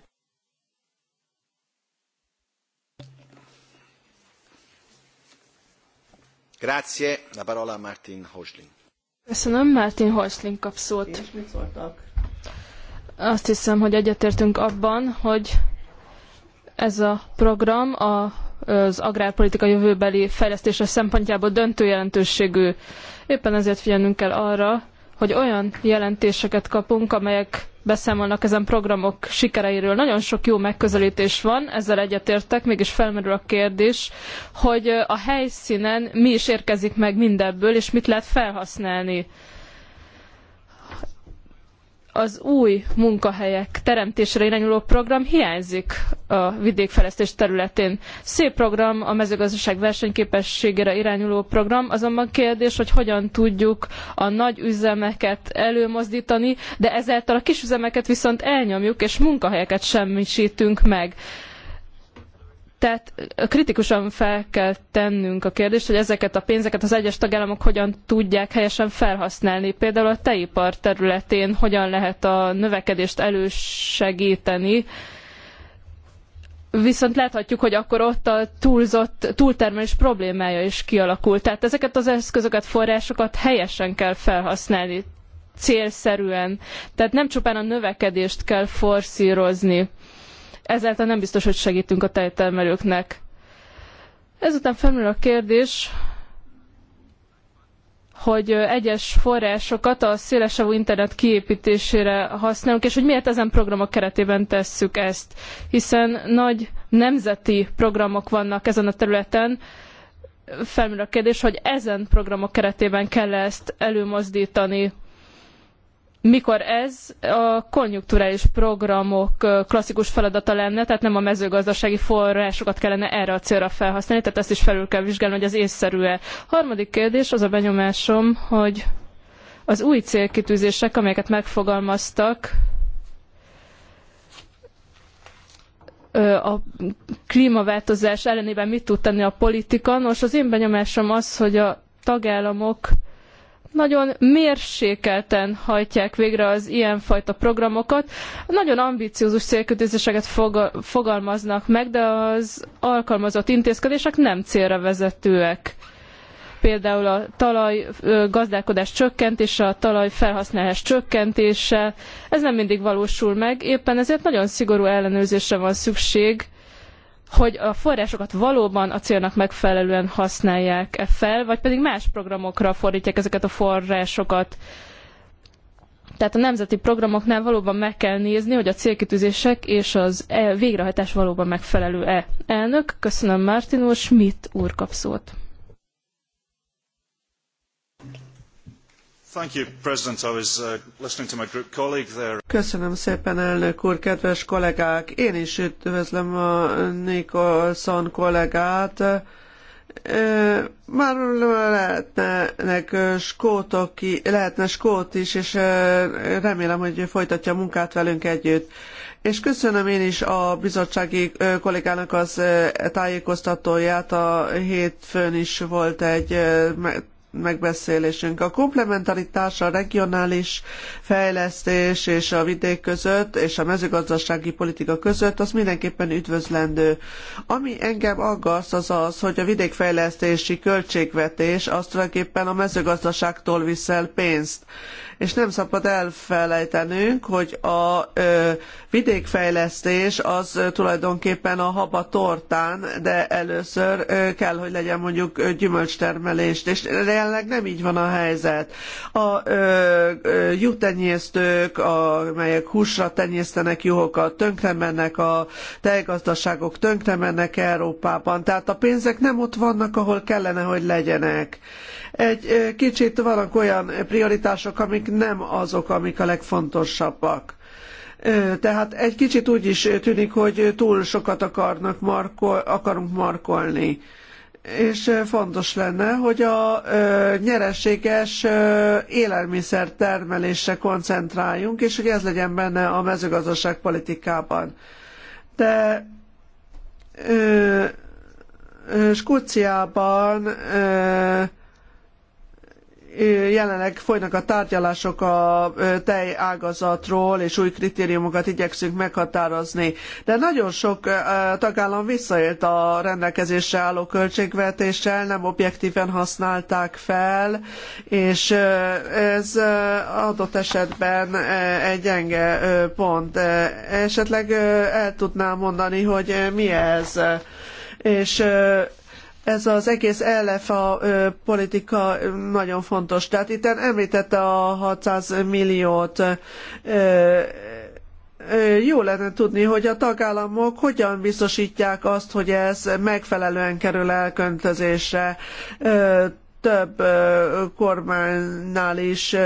Grazie, parola Martin Köszönöm, Martin Horslin kap szót. És mit szóltak? Azt hiszem, hogy egyetértünk abban, hogy ez a program a az agrárpolitika jövőbeli fejlesztése szempontjából döntő jelentőségű. Éppen ezért figyelnünk kell arra, hogy olyan jelentéseket kapunk, amelyek beszámolnak ezen programok sikereiről. Nagyon sok jó megközelítés van, ezzel egyetértek, mégis felmerül a kérdés, hogy a helyszínen mi is érkezik meg mindebből, és mit lehet felhasználni az új munkahelyek teremtésére irányuló program hiányzik a vidékfejlesztés területén. Szép program, a mezőgazdaság versenyképességére irányuló program, azonban kérdés, hogy hogyan tudjuk a nagy üzemeket előmozdítani, de ezáltal a kis üzemeket viszont elnyomjuk, és munkahelyeket semmisítünk meg. Tehát kritikusan fel kell tennünk a kérdést, hogy ezeket a pénzeket az egyes tagállamok hogyan tudják helyesen felhasználni. Például a teipar területén hogyan lehet a növekedést elősegíteni, viszont láthatjuk, hogy akkor ott a túlzott, túltermelés problémája is kialakult. Tehát ezeket az eszközöket, forrásokat helyesen kell felhasználni, célszerűen. Tehát nem csupán a növekedést kell forszírozni ezáltal nem biztos, hogy segítünk a tejtermelőknek. Ezután felmerül a kérdés, hogy egyes forrásokat a szélesávú internet kiépítésére használunk, és hogy miért ezen programok keretében tesszük ezt, hiszen nagy nemzeti programok vannak ezen a területen, felmerül a kérdés, hogy ezen programok keretében kell -e ezt előmozdítani mikor ez a konjunkturális programok klasszikus feladata lenne, tehát nem a mezőgazdasági forrásokat kellene erre a célra felhasználni, tehát ezt is felül kell vizsgálni, hogy ez észszerű-e. Harmadik kérdés, az a benyomásom, hogy az új célkitűzések, amelyeket megfogalmaztak, a klímaváltozás ellenében mit tud tenni a politika. Nos, az én benyomásom az, hogy a tagállamok nagyon mérsékelten hajtják végre az ilyenfajta programokat. Nagyon ambiciózus célkötőzéseket fogalmaznak meg, de az alkalmazott intézkedések nem célra vezetőek. Például a talajgazdálkodás csökkentése, a talaj felhasználás csökkentése, ez nem mindig valósul meg, éppen ezért nagyon szigorú ellenőrzésre van szükség, hogy a forrásokat valóban a célnak megfelelően használják -e fel, vagy pedig más programokra fordítják ezeket a forrásokat. Tehát a nemzeti programoknál valóban meg kell nézni, hogy a célkitűzések és az e- végrehajtás valóban megfelelő-e. Elnök, köszönöm Martin úr, Schmidt úr kap szót. Köszönöm szépen, elnök úr, kedves kollégák! Én is üdvözlöm a Nicholson kollégát. Már lehetnek skótok lehetne skót is, és remélem, hogy folytatja a munkát velünk együtt. És köszönöm én is a bizottsági kollégának az tájékoztatóját. A hétfőn is volt egy megbeszélésünk. A komplementaritás a regionális fejlesztés és a vidék között és a mezőgazdasági politika között az mindenképpen üdvözlendő. Ami engem aggaszt az az, hogy a vidékfejlesztési költségvetés az tulajdonképpen a mezőgazdaságtól viszel pénzt és nem szabad elfelejtenünk, hogy a ö, vidékfejlesztés az tulajdonképpen a haba tortán, de először ö, kell, hogy legyen mondjuk gyümölcstermelést, és jelenleg nem így van a helyzet. A ö, ö, juhtenyésztők, amelyek húsra tenyésztenek juhokat, tönkremennek a tejgazdaságok, tönkremennek Európában, tehát a pénzek nem ott vannak, ahol kellene, hogy legyenek. Egy kicsit vannak olyan prioritások, amik nem azok, amik a legfontosabbak. Tehát egy kicsit úgy is tűnik, hogy túl sokat akarnak markol, akarunk markolni. És fontos lenne, hogy a nyereséges élelmiszer termelésre koncentráljunk, és hogy ez legyen benne a mezőgazdaság politikában. De Skóciában jelenleg folynak a tárgyalások a tejágazatról, és új kritériumokat igyekszünk meghatározni. De nagyon sok tagállam visszaélt a rendelkezésre álló költségvetéssel, nem objektíven használták fel, és ez adott esetben egy gyenge pont. Esetleg el tudnám mondani, hogy mi ez és ez az egész LFA politika nagyon fontos. Tehát itt említette a 600 milliót jó lenne tudni, hogy a tagállamok hogyan biztosítják azt, hogy ez megfelelően kerül elköntözésre több kormánynál is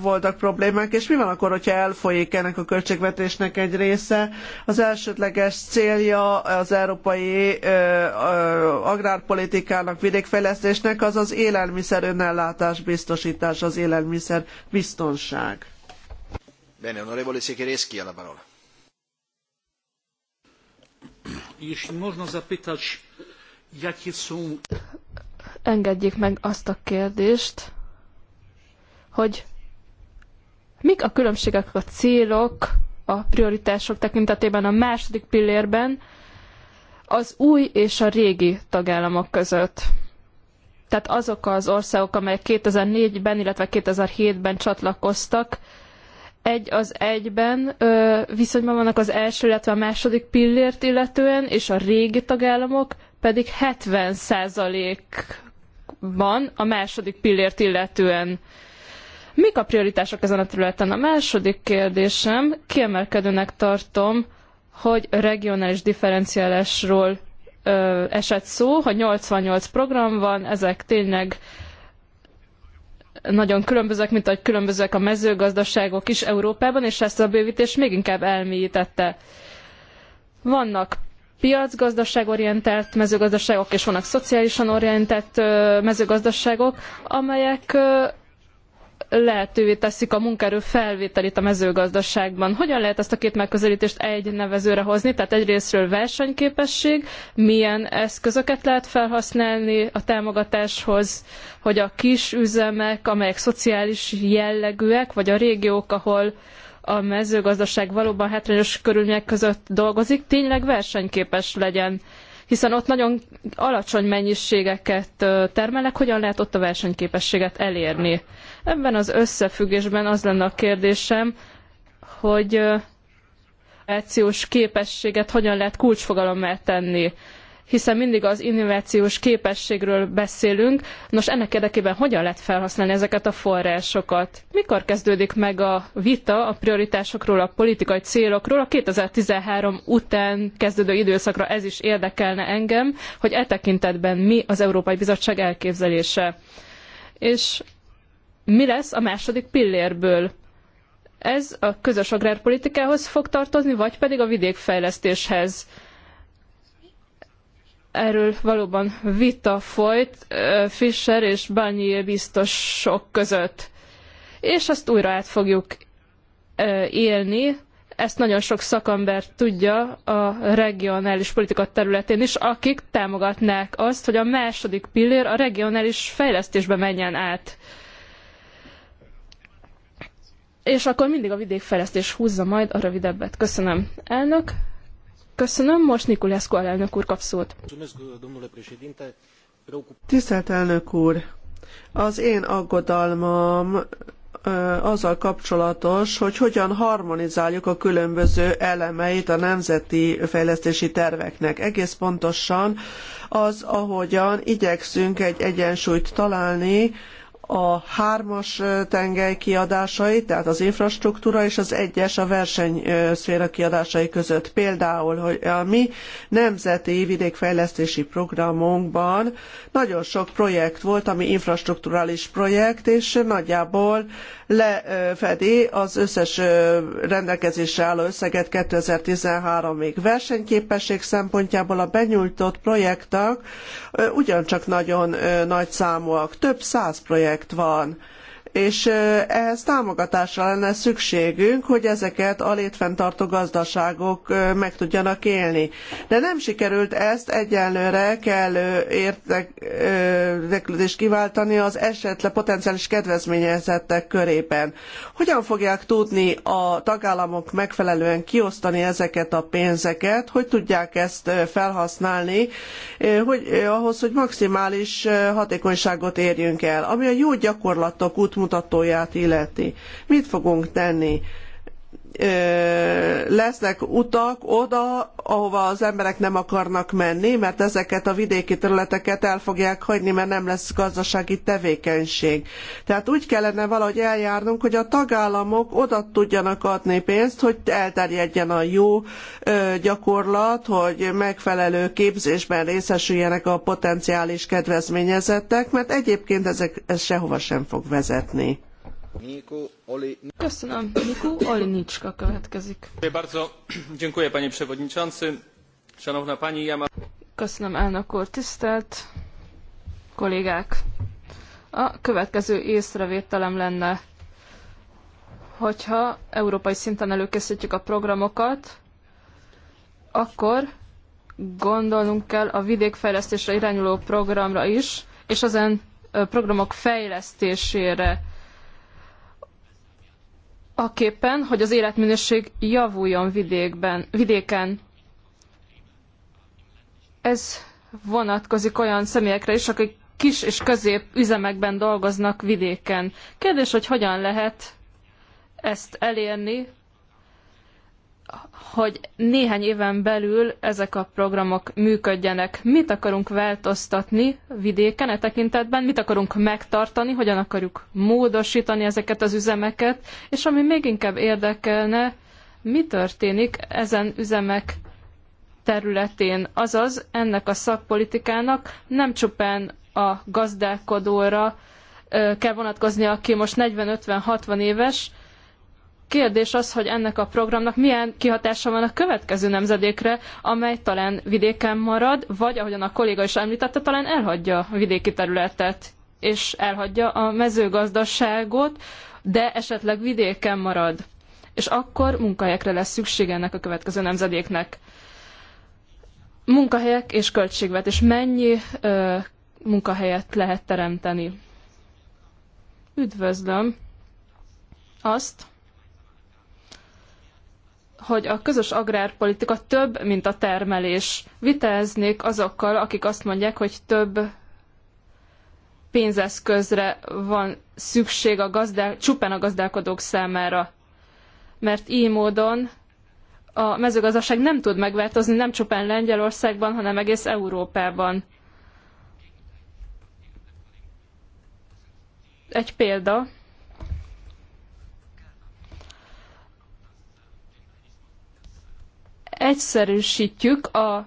voltak problémák, és mi van akkor, hogyha elfolyik ennek a költségvetésnek egy része? Az elsődleges célja az európai agrárpolitikának, vidékfejlesztésnek az az élelmiszer önellátás biztosítás, az élelmiszer biztonság. Bene, onorevole Szekéreszki, a parola. Jeśli można zapytać, jakie są engedjék meg azt a kérdést, hogy mik a különbségek a célok, a prioritások tekintetében a második pillérben az új és a régi tagállamok között. Tehát azok az országok, amelyek 2004-ben, illetve 2007-ben csatlakoztak, egy az egyben ö, viszonyban vannak az első, illetve a második pillért illetően, és a régi tagállamok pedig 70 százalék ban a második pillért illetően. Mik a prioritások ezen a területen? A második kérdésem, kiemelkedőnek tartom, hogy regionális differenciálásról ö, esett szó, hogy 88 program van, ezek tényleg nagyon különbözőek, mint ahogy különbözőek a mezőgazdaságok is Európában, és ezt a bővítés még inkább elmélyítette. Vannak piacgazdaságorientált mezőgazdaságok, és vannak szociálisan orientált mezőgazdaságok, amelyek lehetővé teszik a munkaerő felvételét a mezőgazdaságban. Hogyan lehet ezt a két megközelítést egy nevezőre hozni? Tehát egyrésztről versenyképesség, milyen eszközöket lehet felhasználni a támogatáshoz, hogy a kis üzemek, amelyek szociális jellegűek, vagy a régiók, ahol a mezőgazdaság valóban hátrányos körülmények között dolgozik, tényleg versenyképes legyen. Hiszen ott nagyon alacsony mennyiségeket termelnek, hogyan lehet ott a versenyképességet elérni. Ebben az összefüggésben az lenne a kérdésem, hogy rációs képességet hogyan lehet kulcsfogalommá tenni hiszen mindig az innovációs képességről beszélünk. Nos, ennek érdekében hogyan lehet felhasználni ezeket a forrásokat? Mikor kezdődik meg a vita a prioritásokról, a politikai célokról? A 2013 után kezdődő időszakra ez is érdekelne engem, hogy e tekintetben mi az Európai Bizottság elképzelése. És mi lesz a második pillérből? Ez a közös agrárpolitikához fog tartozni, vagy pedig a vidékfejlesztéshez? erről valóban vita folyt Fischer és Barnier biztosok között. És ezt újra át fogjuk élni. Ezt nagyon sok szakember tudja a regionális politika területén is, akik támogatnák azt, hogy a második pillér a regionális fejlesztésbe menjen át. És akkor mindig a vidékfejlesztés húzza majd a rövidebbet. Köszönöm, elnök. Köszönöm, most Nikulászko alelnök úr kap szót. Tisztelt elnök úr! Az én aggodalmam azzal kapcsolatos, hogy hogyan harmonizáljuk a különböző elemeit a nemzeti fejlesztési terveknek. Egész pontosan az, ahogyan igyekszünk egy egyensúlyt találni, a hármas tengely kiadásai, tehát az infrastruktúra és az egyes a versenyszféra kiadásai között. Például, hogy a mi nemzeti vidékfejlesztési programunkban nagyon sok projekt volt, ami infrastrukturális projekt, és nagyjából lefedi az összes rendelkezésre álló összeget 2013-ig. Versenyképesség szempontjából a benyújtott projektek ugyancsak nagyon nagy számúak, több száz projekt projekt van és ehhez támogatásra lenne szükségünk, hogy ezeket a létfenntartó gazdaságok meg tudjanak élni. De nem sikerült ezt egyenlőre kellő érdeklődést kiváltani az esetle potenciális kedvezményezettek körében. Hogyan fogják tudni a tagállamok megfelelően kiosztani ezeket a pénzeket, hogy tudják ezt felhasználni, hogy, ahhoz, hogy maximális hatékonyságot érjünk el, ami a jó gyakorlatok útmutatása útmutatóját illeti. Mit fogunk tenni? lesznek utak oda, ahova az emberek nem akarnak menni, mert ezeket a vidéki területeket el fogják hagyni, mert nem lesz gazdasági tevékenység. Tehát úgy kellene valahogy eljárnunk, hogy a tagállamok oda tudjanak adni pénzt, hogy elterjedjen a jó gyakorlat, hogy megfelelő képzésben részesüljenek a potenciális kedvezményezettek, mert egyébként ezek, ez sehova sem fog vezetni. Köszönöm. Dziękuję, panie przewodniczący. Szanowna pani, ja mam... Köszönöm, elnök úr, tisztelt kollégák. A következő észrevételem lenne, hogyha európai szinten előkészítjük a programokat, akkor gondolnunk kell a vidékfejlesztésre irányuló programra is, és ezen programok fejlesztésére aképpen, hogy az életminőség javuljon vidékben, vidéken. Ez vonatkozik olyan személyekre is, akik kis és közép üzemekben dolgoznak vidéken. Kérdés, hogy hogyan lehet ezt elérni, hogy néhány éven belül ezek a programok működjenek. Mit akarunk változtatni vidéken e tekintetben, mit akarunk megtartani, hogyan akarjuk módosítani ezeket az üzemeket, és ami még inkább érdekelne, mi történik ezen üzemek területén, azaz ennek a szakpolitikának nem csupán a gazdálkodóra kell vonatkozni, aki most 40-50-60 éves, kérdés az, hogy ennek a programnak milyen kihatása van a következő nemzedékre, amely talán vidéken marad, vagy ahogyan a kolléga is említette, talán elhagyja a vidéki területet, és elhagyja a mezőgazdaságot, de esetleg vidéken marad. És akkor munkahelyekre lesz szüksége ennek a következő nemzedéknek. Munkahelyek és költségvetés. Mennyi ö, munkahelyet lehet teremteni? Üdvözlöm azt, hogy a közös agrárpolitika több, mint a termelés. Vitáznék azokkal, akik azt mondják, hogy több pénzeszközre van szükség a gazdál, csupán a gazdálkodók számára. Mert így módon a mezőgazdaság nem tud megváltozni nem csupán Lengyelországban, hanem egész Európában. Egy példa. egyszerűsítjük a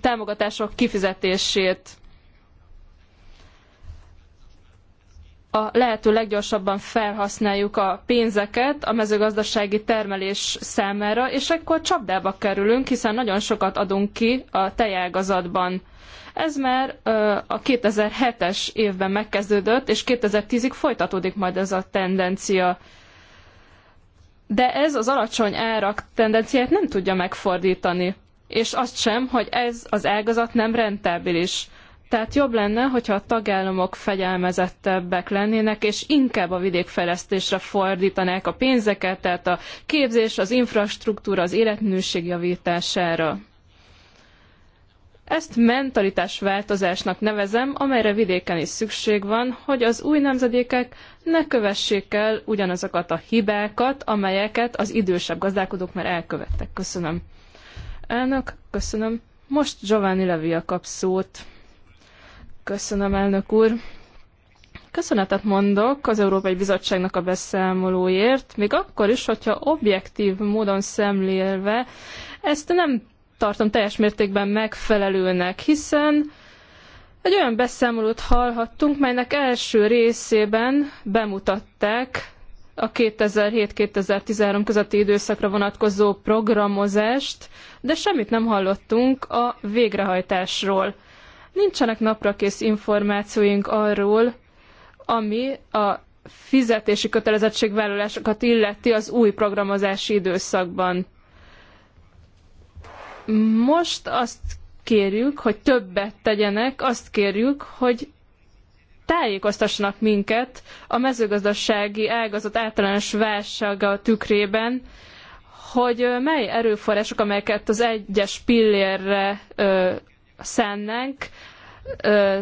támogatások kifizetését. a lehető leggyorsabban felhasználjuk a pénzeket a mezőgazdasági termelés számára, és ekkor csapdába kerülünk, hiszen nagyon sokat adunk ki a tejágazatban. Ez már a 2007-es évben megkezdődött, és 2010-ig folytatódik majd ez a tendencia de ez az alacsony árak tendenciát nem tudja megfordítani, és azt sem, hogy ez az ágazat nem rentábilis. Tehát jobb lenne, hogyha a tagállamok fegyelmezettebbek lennének, és inkább a vidékfejlesztésre fordítanák a pénzeket, tehát a képzés, az infrastruktúra, az életminőség javítására. Ezt mentalitásváltozásnak nevezem, amelyre vidéken is szükség van, hogy az új nemzedékek ne kövessék el ugyanazokat a hibákat, amelyeket az idősebb gazdálkodók már elkövettek. Köszönöm. Elnök, köszönöm. Most Giovanni Levia kap szót. Köszönöm, elnök úr. Köszönetet mondok az Európai Bizottságnak a beszámolóért, még akkor is, hogyha objektív módon szemlélve ezt nem tartom teljes mértékben megfelelőnek, hiszen egy olyan beszámolót hallhattunk, melynek első részében bemutatták a 2007-2013 közötti időszakra vonatkozó programozást, de semmit nem hallottunk a végrehajtásról. Nincsenek naprakész információink arról, ami a fizetési kötelezettségvállalásokat illeti az új programozási időszakban. Most azt kérjük, hogy többet tegyenek, azt kérjük, hogy tájékoztassanak minket a mezőgazdasági ágazat általános válsága tükrében, hogy mely erőforrások, amelyeket az egyes pillérre ö, szánnánk, ö,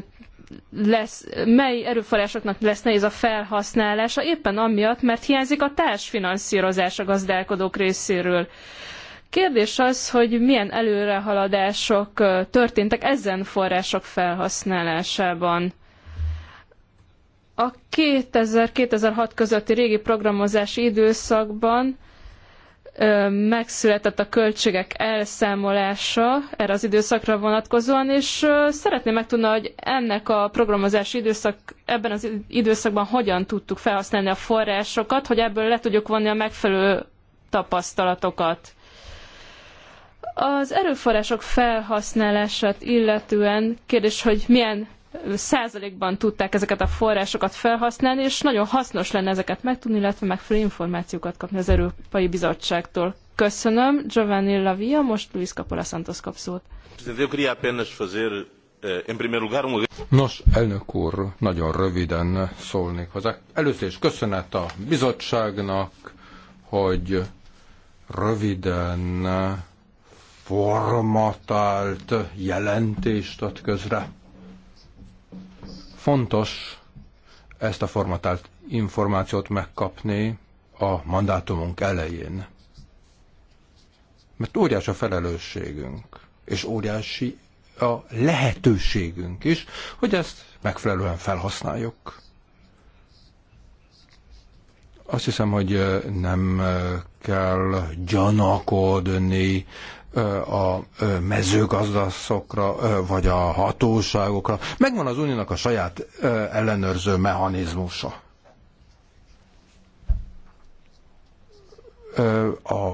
lesz, mely erőforrásoknak lesz nehéz a felhasználása, éppen amiatt, mert hiányzik a társfinanszírozás a gazdálkodók részéről. Kérdés az, hogy milyen előrehaladások történtek ezen források felhasználásában. A 2000-2006 közötti régi programozási időszakban megszületett a költségek elszámolása erre az időszakra vonatkozóan, és szeretném megtudni, hogy ennek a programozási időszak, ebben az időszakban hogyan tudtuk felhasználni a forrásokat, hogy ebből le tudjuk vonni a megfelelő tapasztalatokat. Az erőforrások felhasználását illetően kérdés, hogy milyen százalékban tudták ezeket a forrásokat felhasználni, és nagyon hasznos lenne ezeket megtudni, illetve megfelelő információkat kapni az Európai Bizottságtól. Köszönöm, Giovanni Lavia, most Luis Capola Santos kap szót. Eh, um Nos, elnök úr, nagyon röviden szólnék hozzá. Először is köszönet a bizottságnak, hogy röviden formatált jelentést ad közre. Fontos ezt a formatált információt megkapni a mandátumunk elején. Mert óriás a felelősségünk, és óriási a lehetőségünk is, hogy ezt megfelelően felhasználjuk. Azt hiszem, hogy nem kell gyanakodni a mezőgazdaszokra, vagy a hatóságokra. Megvan az uniónak a saját ellenőrző mechanizmusa. A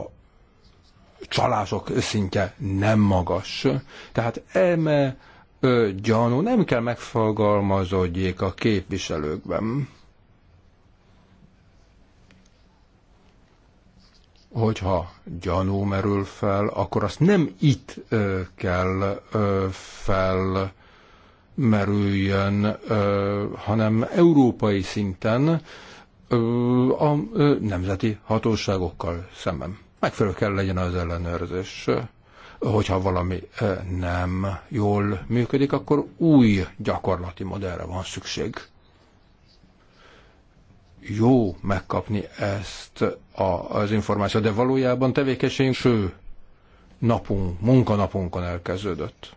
csalások szintje nem magas. Tehát eme gyanú nem kell megfogalmazódjék a képviselőkben hogyha gyanú merül fel, akkor azt nem itt kell fel merüljön, hanem európai szinten a nemzeti hatóságokkal szemben. Megfelelő kell legyen az ellenőrzés. Hogyha valami nem jól működik, akkor új gyakorlati modellre van szükség jó megkapni ezt a, az információt, de valójában tevékenység ső napunk, munkanapunkon elkezdődött.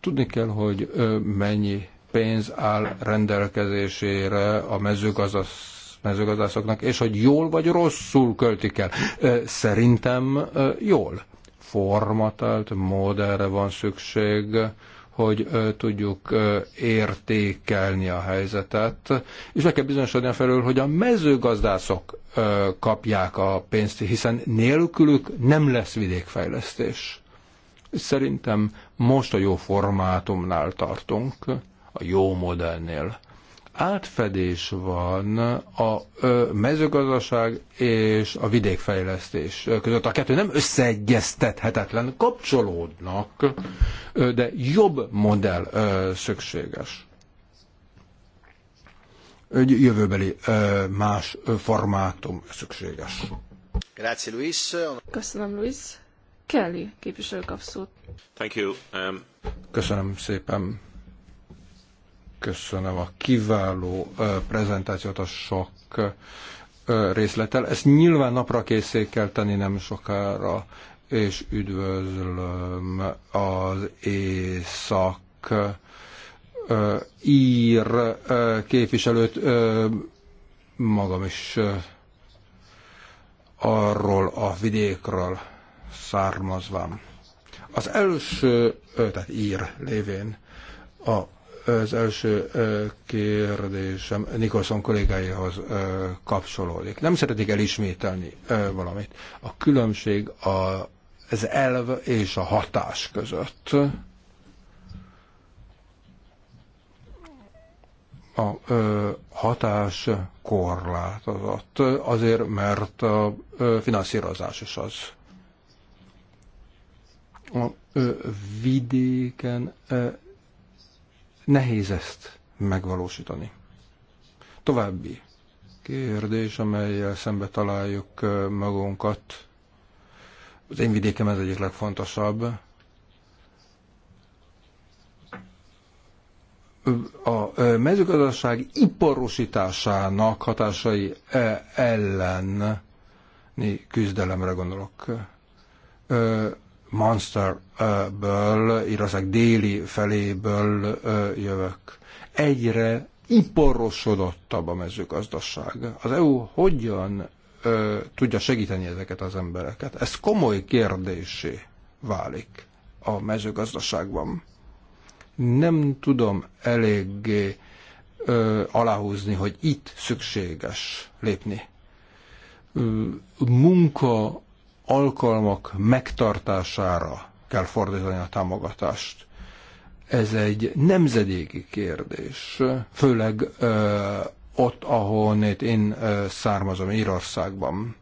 Tudni kell, hogy mennyi pénz áll rendelkezésére a mezőgazdasz, mezőgazdászoknak, és hogy jól vagy rosszul költik el. Szerintem jól. Formatált modellre van szükség, hogy tudjuk értékelni a helyzetet, és le kell bizonyosodni a felől, hogy a mezőgazdászok kapják a pénzt, hiszen nélkülük nem lesz vidékfejlesztés. Szerintem most a jó formátumnál tartunk, a jó modellnél átfedés van a mezőgazdaság és a vidékfejlesztés között. A kettő nem összeegyeztethetetlen, kapcsolódnak, de jobb modell szükséges. Egy jövőbeli más formátum szükséges. Grazie, Luis. Köszönöm, Luis. Kelly képviselő kapszót. Thank you. Um... Köszönöm szépen Köszönöm a kiváló prezentációt a sok részlettel. Ezt nyilván napra készé kell tenni nem sokára, és üdvözlöm az észak ír képviselőt, magam is arról a vidékről származvám. Az első, tehát ír lévén a az első kérdésem Nikolson kollégáihoz kapcsolódik. Nem szeretnék elismételni valamit. A különbség a, az elv és a hatás között. a ö, hatás korlátozott, azért mert a ö, finanszírozás is az. A ö, vidéken ö, Nehéz ezt megvalósítani. További kérdés, amelyel szembe találjuk magunkat. Az én vidékem ez egyik legfontosabb. A mezőgazdaság iparosításának hatásai ellen küzdelemre gondolok Monsterből, Írország déli feléből jövök. Egyre iporosodottabb a mezőgazdaság. Az EU hogyan ö, tudja segíteni ezeket az embereket? Ez komoly kérdésé válik a mezőgazdaságban. Nem tudom eléggé ö, aláhúzni, hogy itt szükséges lépni. Ö, munka alkalmak megtartására kell fordítani a támogatást. Ez egy nemzedéki kérdés, főleg ö, ott, ahonnét én ö, származom, Írországban.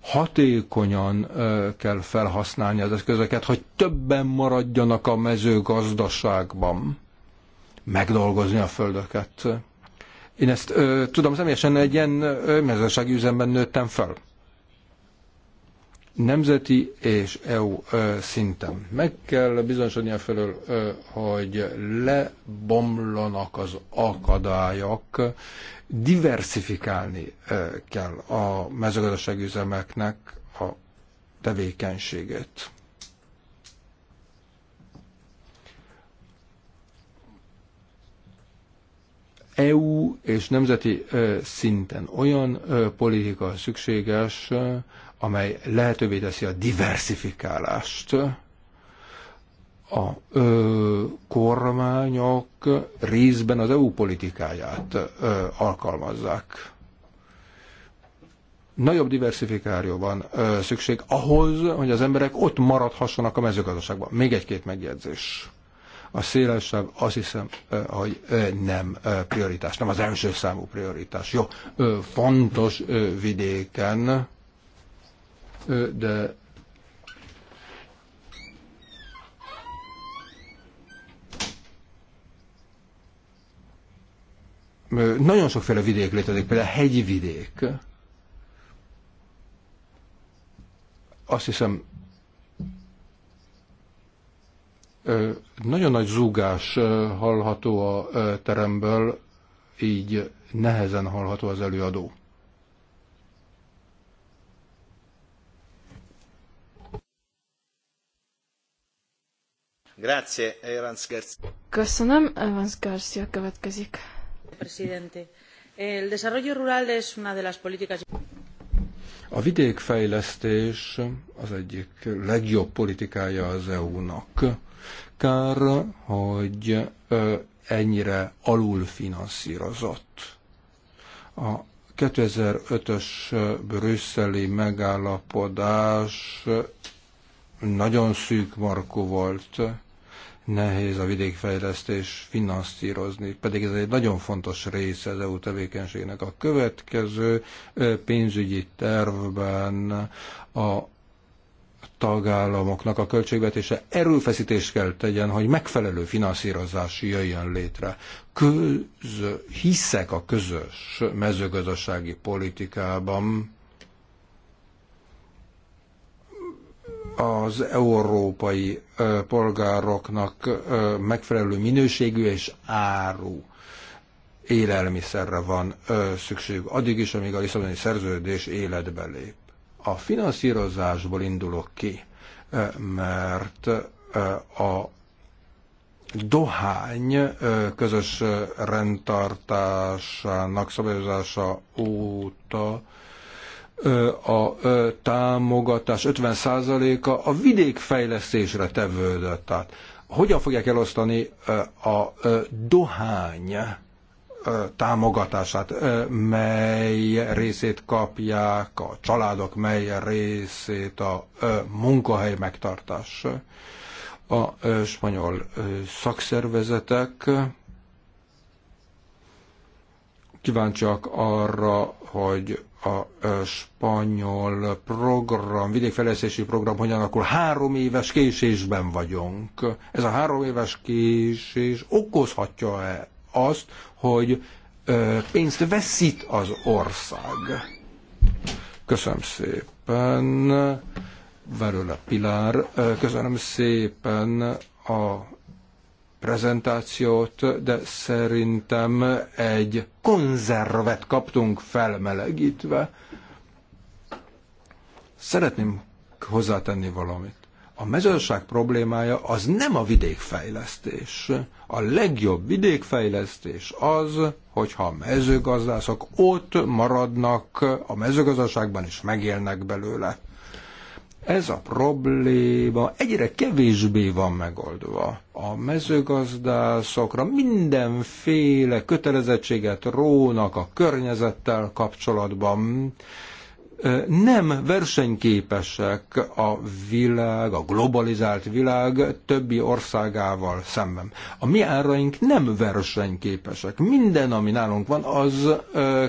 Hatékonyan ö, kell felhasználni az eszközöket, hogy többen maradjanak a mezőgazdaságban megdolgozni a földöket. Én ezt ö, tudom, személyesen egy ilyen mezőgazdasági üzemben nőttem fel nemzeti és EU szinten. Meg kell bizonyosodnia felől, hogy lebomlanak az akadályok, diversifikálni kell a mezőgazdasági üzemeknek a tevékenységét. EU és nemzeti szinten olyan politika szükséges, amely lehetővé teszi a diversifikálást. A ö, kormányok részben az EU politikáját ö, alkalmazzák. Nagyobb diversifikáció van ö, szükség ahhoz, hogy az emberek ott maradhassanak a mezőgazdaságban. Még egy-két megjegyzés a szélesebb azt hiszem, hogy nem prioritás, nem az első számú prioritás. Jó, fontos vidéken de nagyon sokféle vidék létezik, például hegyi vidék. Azt hiszem, nagyon nagy zúgás hallható a teremből, így nehezen hallható az előadó. Grazie, Evans Garcia. Köszönöm, Evans Garcia következik. Presidente. El desarrollo rural es una de las políticas... A vidékfejlesztés az egyik legjobb politikája az EU-nak. Kár, hogy ennyire alulfinanszírozott. A 2005-ös brüsszeli megállapodás nagyon szűk markó volt nehéz a vidékfejlesztés finanszírozni, pedig ez egy nagyon fontos része az EU tevékenységnek. A következő pénzügyi tervben a tagállamoknak a költségvetése erőfeszítés kell tegyen, hogy megfelelő finanszírozás jöjjön létre. Köz, hiszek a közös mezőgazdasági politikában, az európai polgároknak megfelelő minőségű és áru élelmiszerre van szükség, addig is, amíg a Lisszaboni szerződés életbe lép. A finanszírozásból indulok ki, mert a dohány közös rendtartásának szabályozása óta a támogatás 50%-a a vidékfejlesztésre tevődött át. Hogyan fogják elosztani a dohány támogatását, mely részét kapják a családok, mely részét a munkahely megtartás. A spanyol szakszervezetek kíváncsiak arra, hogy a spanyol program, vidékfejlesztési program hogyan akkor Három éves késésben vagyunk. Ez a három éves késés okozhatja-e azt, hogy pénzt veszít az ország? Köszönöm szépen. Verőle Pilár. Köszönöm szépen a prezentációt, de szerintem egy konzervet kaptunk felmelegítve. Szeretném hozzátenni valamit. A mezőgazdaság problémája az nem a vidékfejlesztés. A legjobb vidékfejlesztés az, hogyha a mezőgazdászok ott maradnak a mezőgazdaságban és megélnek belőle. Ez a probléma egyre kevésbé van megoldva. A mezőgazdászokra mindenféle kötelezettséget rónak a környezettel kapcsolatban. Nem versenyképesek a világ, a globalizált világ többi országával szemben. A mi áraink nem versenyképesek. Minden, ami nálunk van, az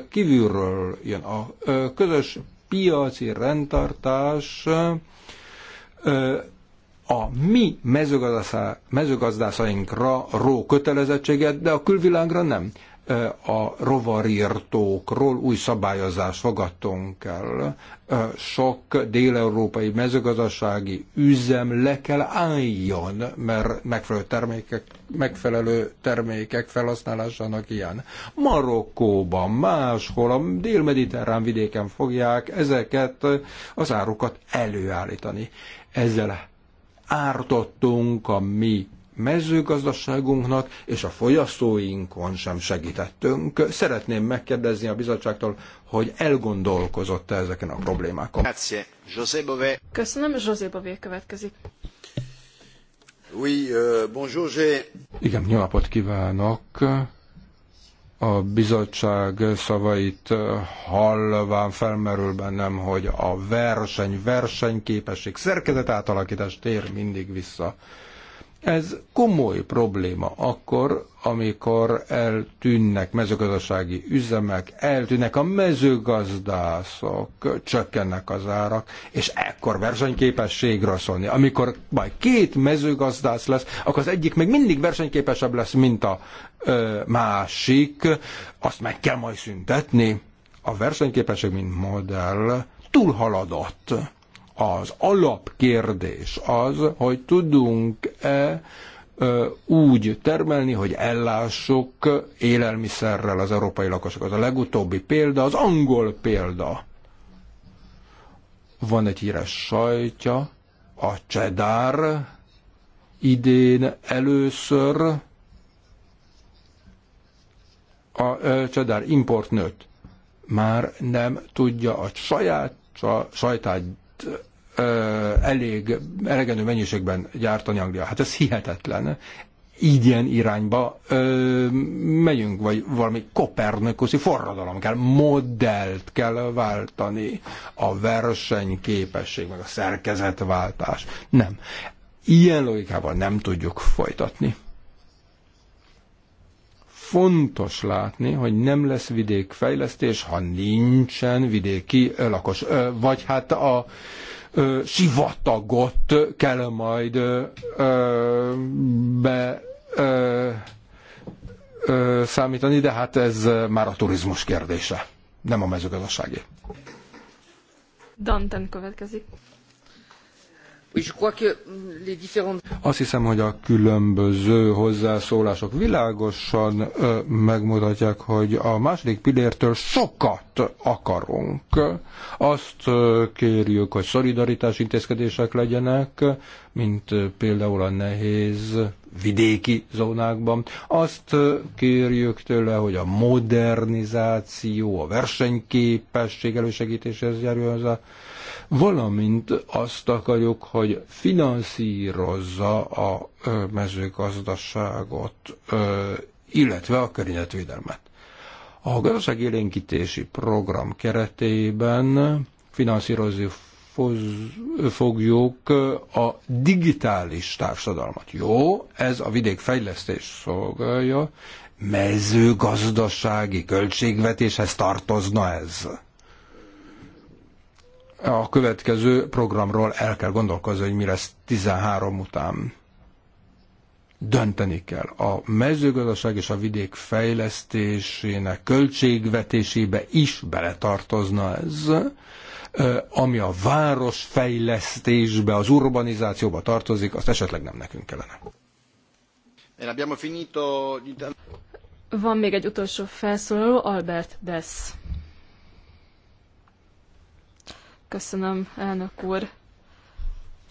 kívülről jön. A közös piaci rendtartás a mi mezőgazdászainkra ró kötelezettséget, de a külvilágra nem a rovarírtókról új szabályozást fogadtunk el. Sok déleurópai mezőgazdasági üzem le kell álljon, mert megfelelő termékek, megfelelő termékek felhasználásának ilyen. Marokkóban, máshol a dél-mediterrán vidéken fogják ezeket az árukat előállítani. Ezzel ártottunk a mi mezőgazdaságunknak és a fogyasztóinkon sem segítettünk. Szeretném megkérdezni a bizottságtól, hogy elgondolkozott -e ezeken a problémákon. Köszönöm, José Bové következik. Oui, euh, bonjour, Igen, jó napot kívánok! A bizottság szavait euh, hallván felmerül bennem, hogy a verseny, versenyképesség, szerkezet átalakítást tér mindig vissza ez komoly probléma akkor, amikor eltűnnek mezőgazdasági üzemek, eltűnnek a mezőgazdászok, csökkennek az árak, és ekkor versenyképesség rosszolni. Amikor majd két mezőgazdász lesz, akkor az egyik még mindig versenyképesebb lesz, mint a ö, másik, azt meg kell majd szüntetni. A versenyképesség, mint modell, túlhaladott az alapkérdés az, hogy tudunk-e úgy termelni, hogy ellássuk élelmiszerrel az európai lakosokat. A legutóbbi példa, az angol példa. Van egy híres sajtja, a Csedár idén először a import importnőt már nem tudja a saját sajtát elég, elegendő mennyiségben gyártani Anglia. Hát ez hihetetlen. Ilyen irányba ö, megyünk, vagy valami kopernikuszi forradalom kell, modellt kell váltani, a versenyképesség, meg a szerkezetváltás. Nem. Ilyen logikával nem tudjuk folytatni. Fontos látni, hogy nem lesz vidékfejlesztés, ha nincsen vidéki lakos. Vagy hát a ö, sivatagot kell majd ö, be ö, ö, számítani, de hát ez már a turizmus kérdése, nem a mezőgazdasági. Danten következik. Azt hiszem, hogy a különböző hozzászólások világosan megmutatják, hogy a második pillértől sokat akarunk. Azt kérjük, hogy szolidaritás intézkedések legyenek, mint például a nehéz vidéki zónákban. Azt kérjük tőle, hogy a modernizáció, a versenyképesség elősegítéséhez járjon hozzá valamint azt akarjuk, hogy finanszírozza a mezőgazdaságot, illetve a környezetvédelmet. A élénkítési program keretében finanszírozni fogjuk a digitális társadalmat. Jó, ez a vidékfejlesztés szolgálja, mezőgazdasági költségvetéshez tartozna ez a következő programról el kell gondolkozni, hogy mi lesz 13 után. Dönteni kell. A mezőgazdaság és a vidék fejlesztésének költségvetésébe is beletartozna ez, ami a városfejlesztésbe, az urbanizációba tartozik, azt esetleg nem nekünk kellene. Van még egy utolsó felszólaló, Albert Dess. Köszönöm, elnök úr.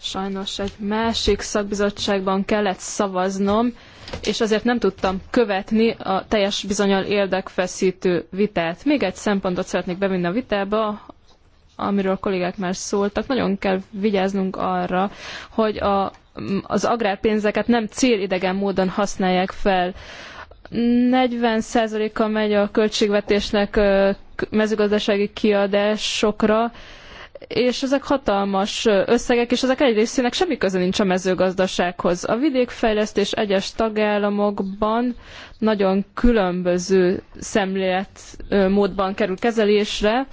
Sajnos egy másik szakbizottságban kellett szavaznom, és azért nem tudtam követni a teljes bizonyal érdekfeszítő vitát. Még egy szempontot szeretnék bevinni a vitába, amiről a kollégák már szóltak. Nagyon kell vigyáznunk arra, hogy a, az agrárpénzeket nem célidegen módon használják fel. 40%-a megy a költségvetésnek mezőgazdasági kiadásokra, és ezek hatalmas összegek, és ezek egy részének semmi köze nincs a mezőgazdasághoz. A vidékfejlesztés egyes tagállamokban nagyon különböző szemléletmódban kerül kezelésre.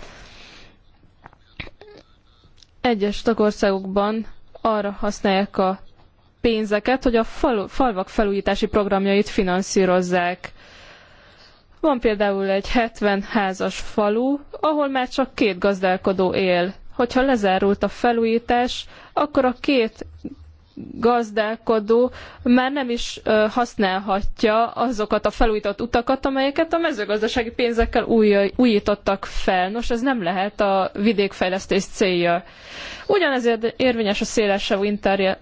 Egyes tagországokban arra használják a pénzeket, hogy a fal falvak felújítási programjait finanszírozzák. Van például egy 70 házas falu, ahol már csak két gazdálkodó él hogyha lezárult a felújítás, akkor a két gazdálkodó már nem is használhatja azokat a felújított utakat, amelyeket a mezőgazdasági pénzekkel új, újítottak fel. Nos, ez nem lehet a vidékfejlesztés célja. Ugyanezért érvényes a szélesebb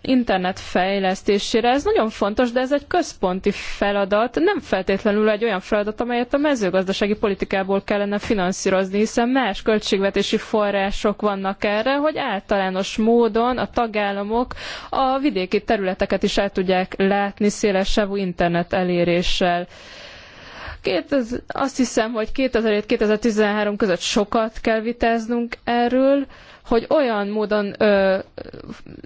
internet fejlesztésére. Ez nagyon fontos, de ez egy központi feladat, nem feltétlenül egy olyan feladat, amelyet a mezőgazdasági politikából kellene finanszírozni, hiszen más költségvetési források vannak erre, hogy általános módon a tagállamok a vidéki területeket is el tudják látni szélesávú internet eléréssel. Két, azt hiszem, hogy 2007-2013 között sokat kell vitáznunk erről, hogy olyan módon ö,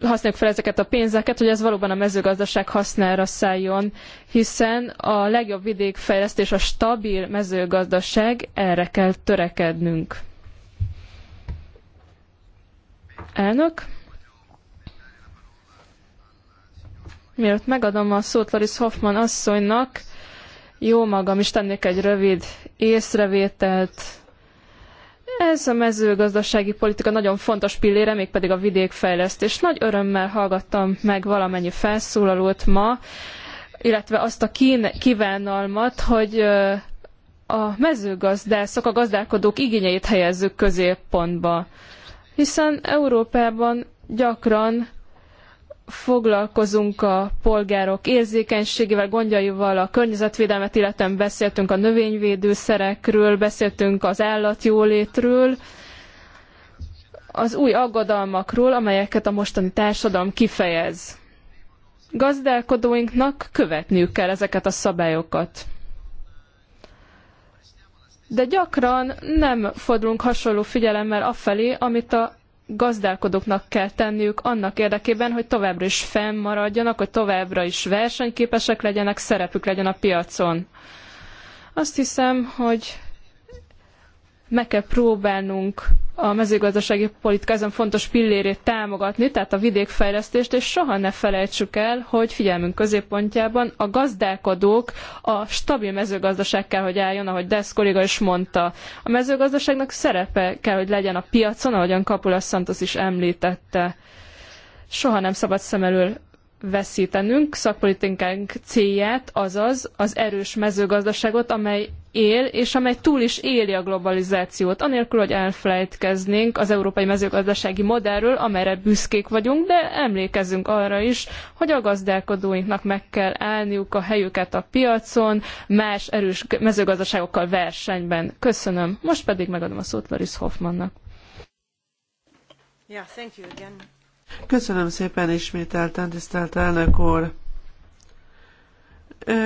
használjuk fel ezeket a pénzeket, hogy ez valóban a mezőgazdaság hasznára szálljon, hiszen a legjobb vidékfejlesztés a stabil mezőgazdaság, erre kell törekednünk. Elnök? Mielőtt megadom a szót Laris Hoffman asszonynak, jó magam is tennék egy rövid észrevételt. Ez a mezőgazdasági politika nagyon fontos pillére, mégpedig a vidékfejlesztés. Nagy örömmel hallgattam meg valamennyi felszólalót ma, illetve azt a kín- kívánalmat, hogy a mezőgazdászok, a gazdálkodók igényeit helyezzük középpontba. Hiszen Európában gyakran foglalkozunk a polgárok érzékenységével, gondjaival, a környezetvédelmet, illetően beszéltünk a növényvédőszerekről, beszéltünk az állatjólétről, az új aggodalmakról, amelyeket a mostani társadalom kifejez. Gazdálkodóinknak követniük kell ezeket a szabályokat. De gyakran nem fordulunk hasonló figyelemmel afelé, amit a gazdálkodóknak kell tenniük annak érdekében, hogy továbbra is fennmaradjanak, hogy továbbra is versenyképesek legyenek, szerepük legyen a piacon. Azt hiszem, hogy meg kell próbálnunk a mezőgazdasági politika ezen fontos pillérét támogatni, tehát a vidékfejlesztést, és soha ne felejtsük el, hogy figyelmünk középpontjában a gazdálkodók a stabil mezőgazdaság kell, hogy álljon, ahogy Desz kolléga is mondta. A mezőgazdaságnak szerepe kell, hogy legyen a piacon, ahogyan Kapula Santos is említette. Soha nem szabad szem elől veszítenünk szakpolitikánk célját, azaz az erős mezőgazdaságot, amely él, és amely túl is éli a globalizációt, anélkül, hogy elfelejtkeznénk az európai mezőgazdasági modellről, amelyre büszkék vagyunk, de emlékezzünk arra is, hogy a gazdálkodóinknak meg kell állniuk a helyüket a piacon, más erős mezőgazdaságokkal versenyben. Köszönöm. Most pedig megadom a szót Laris Hoffmannak. Yeah, Köszönöm szépen ismételten, tisztelt elnök úr!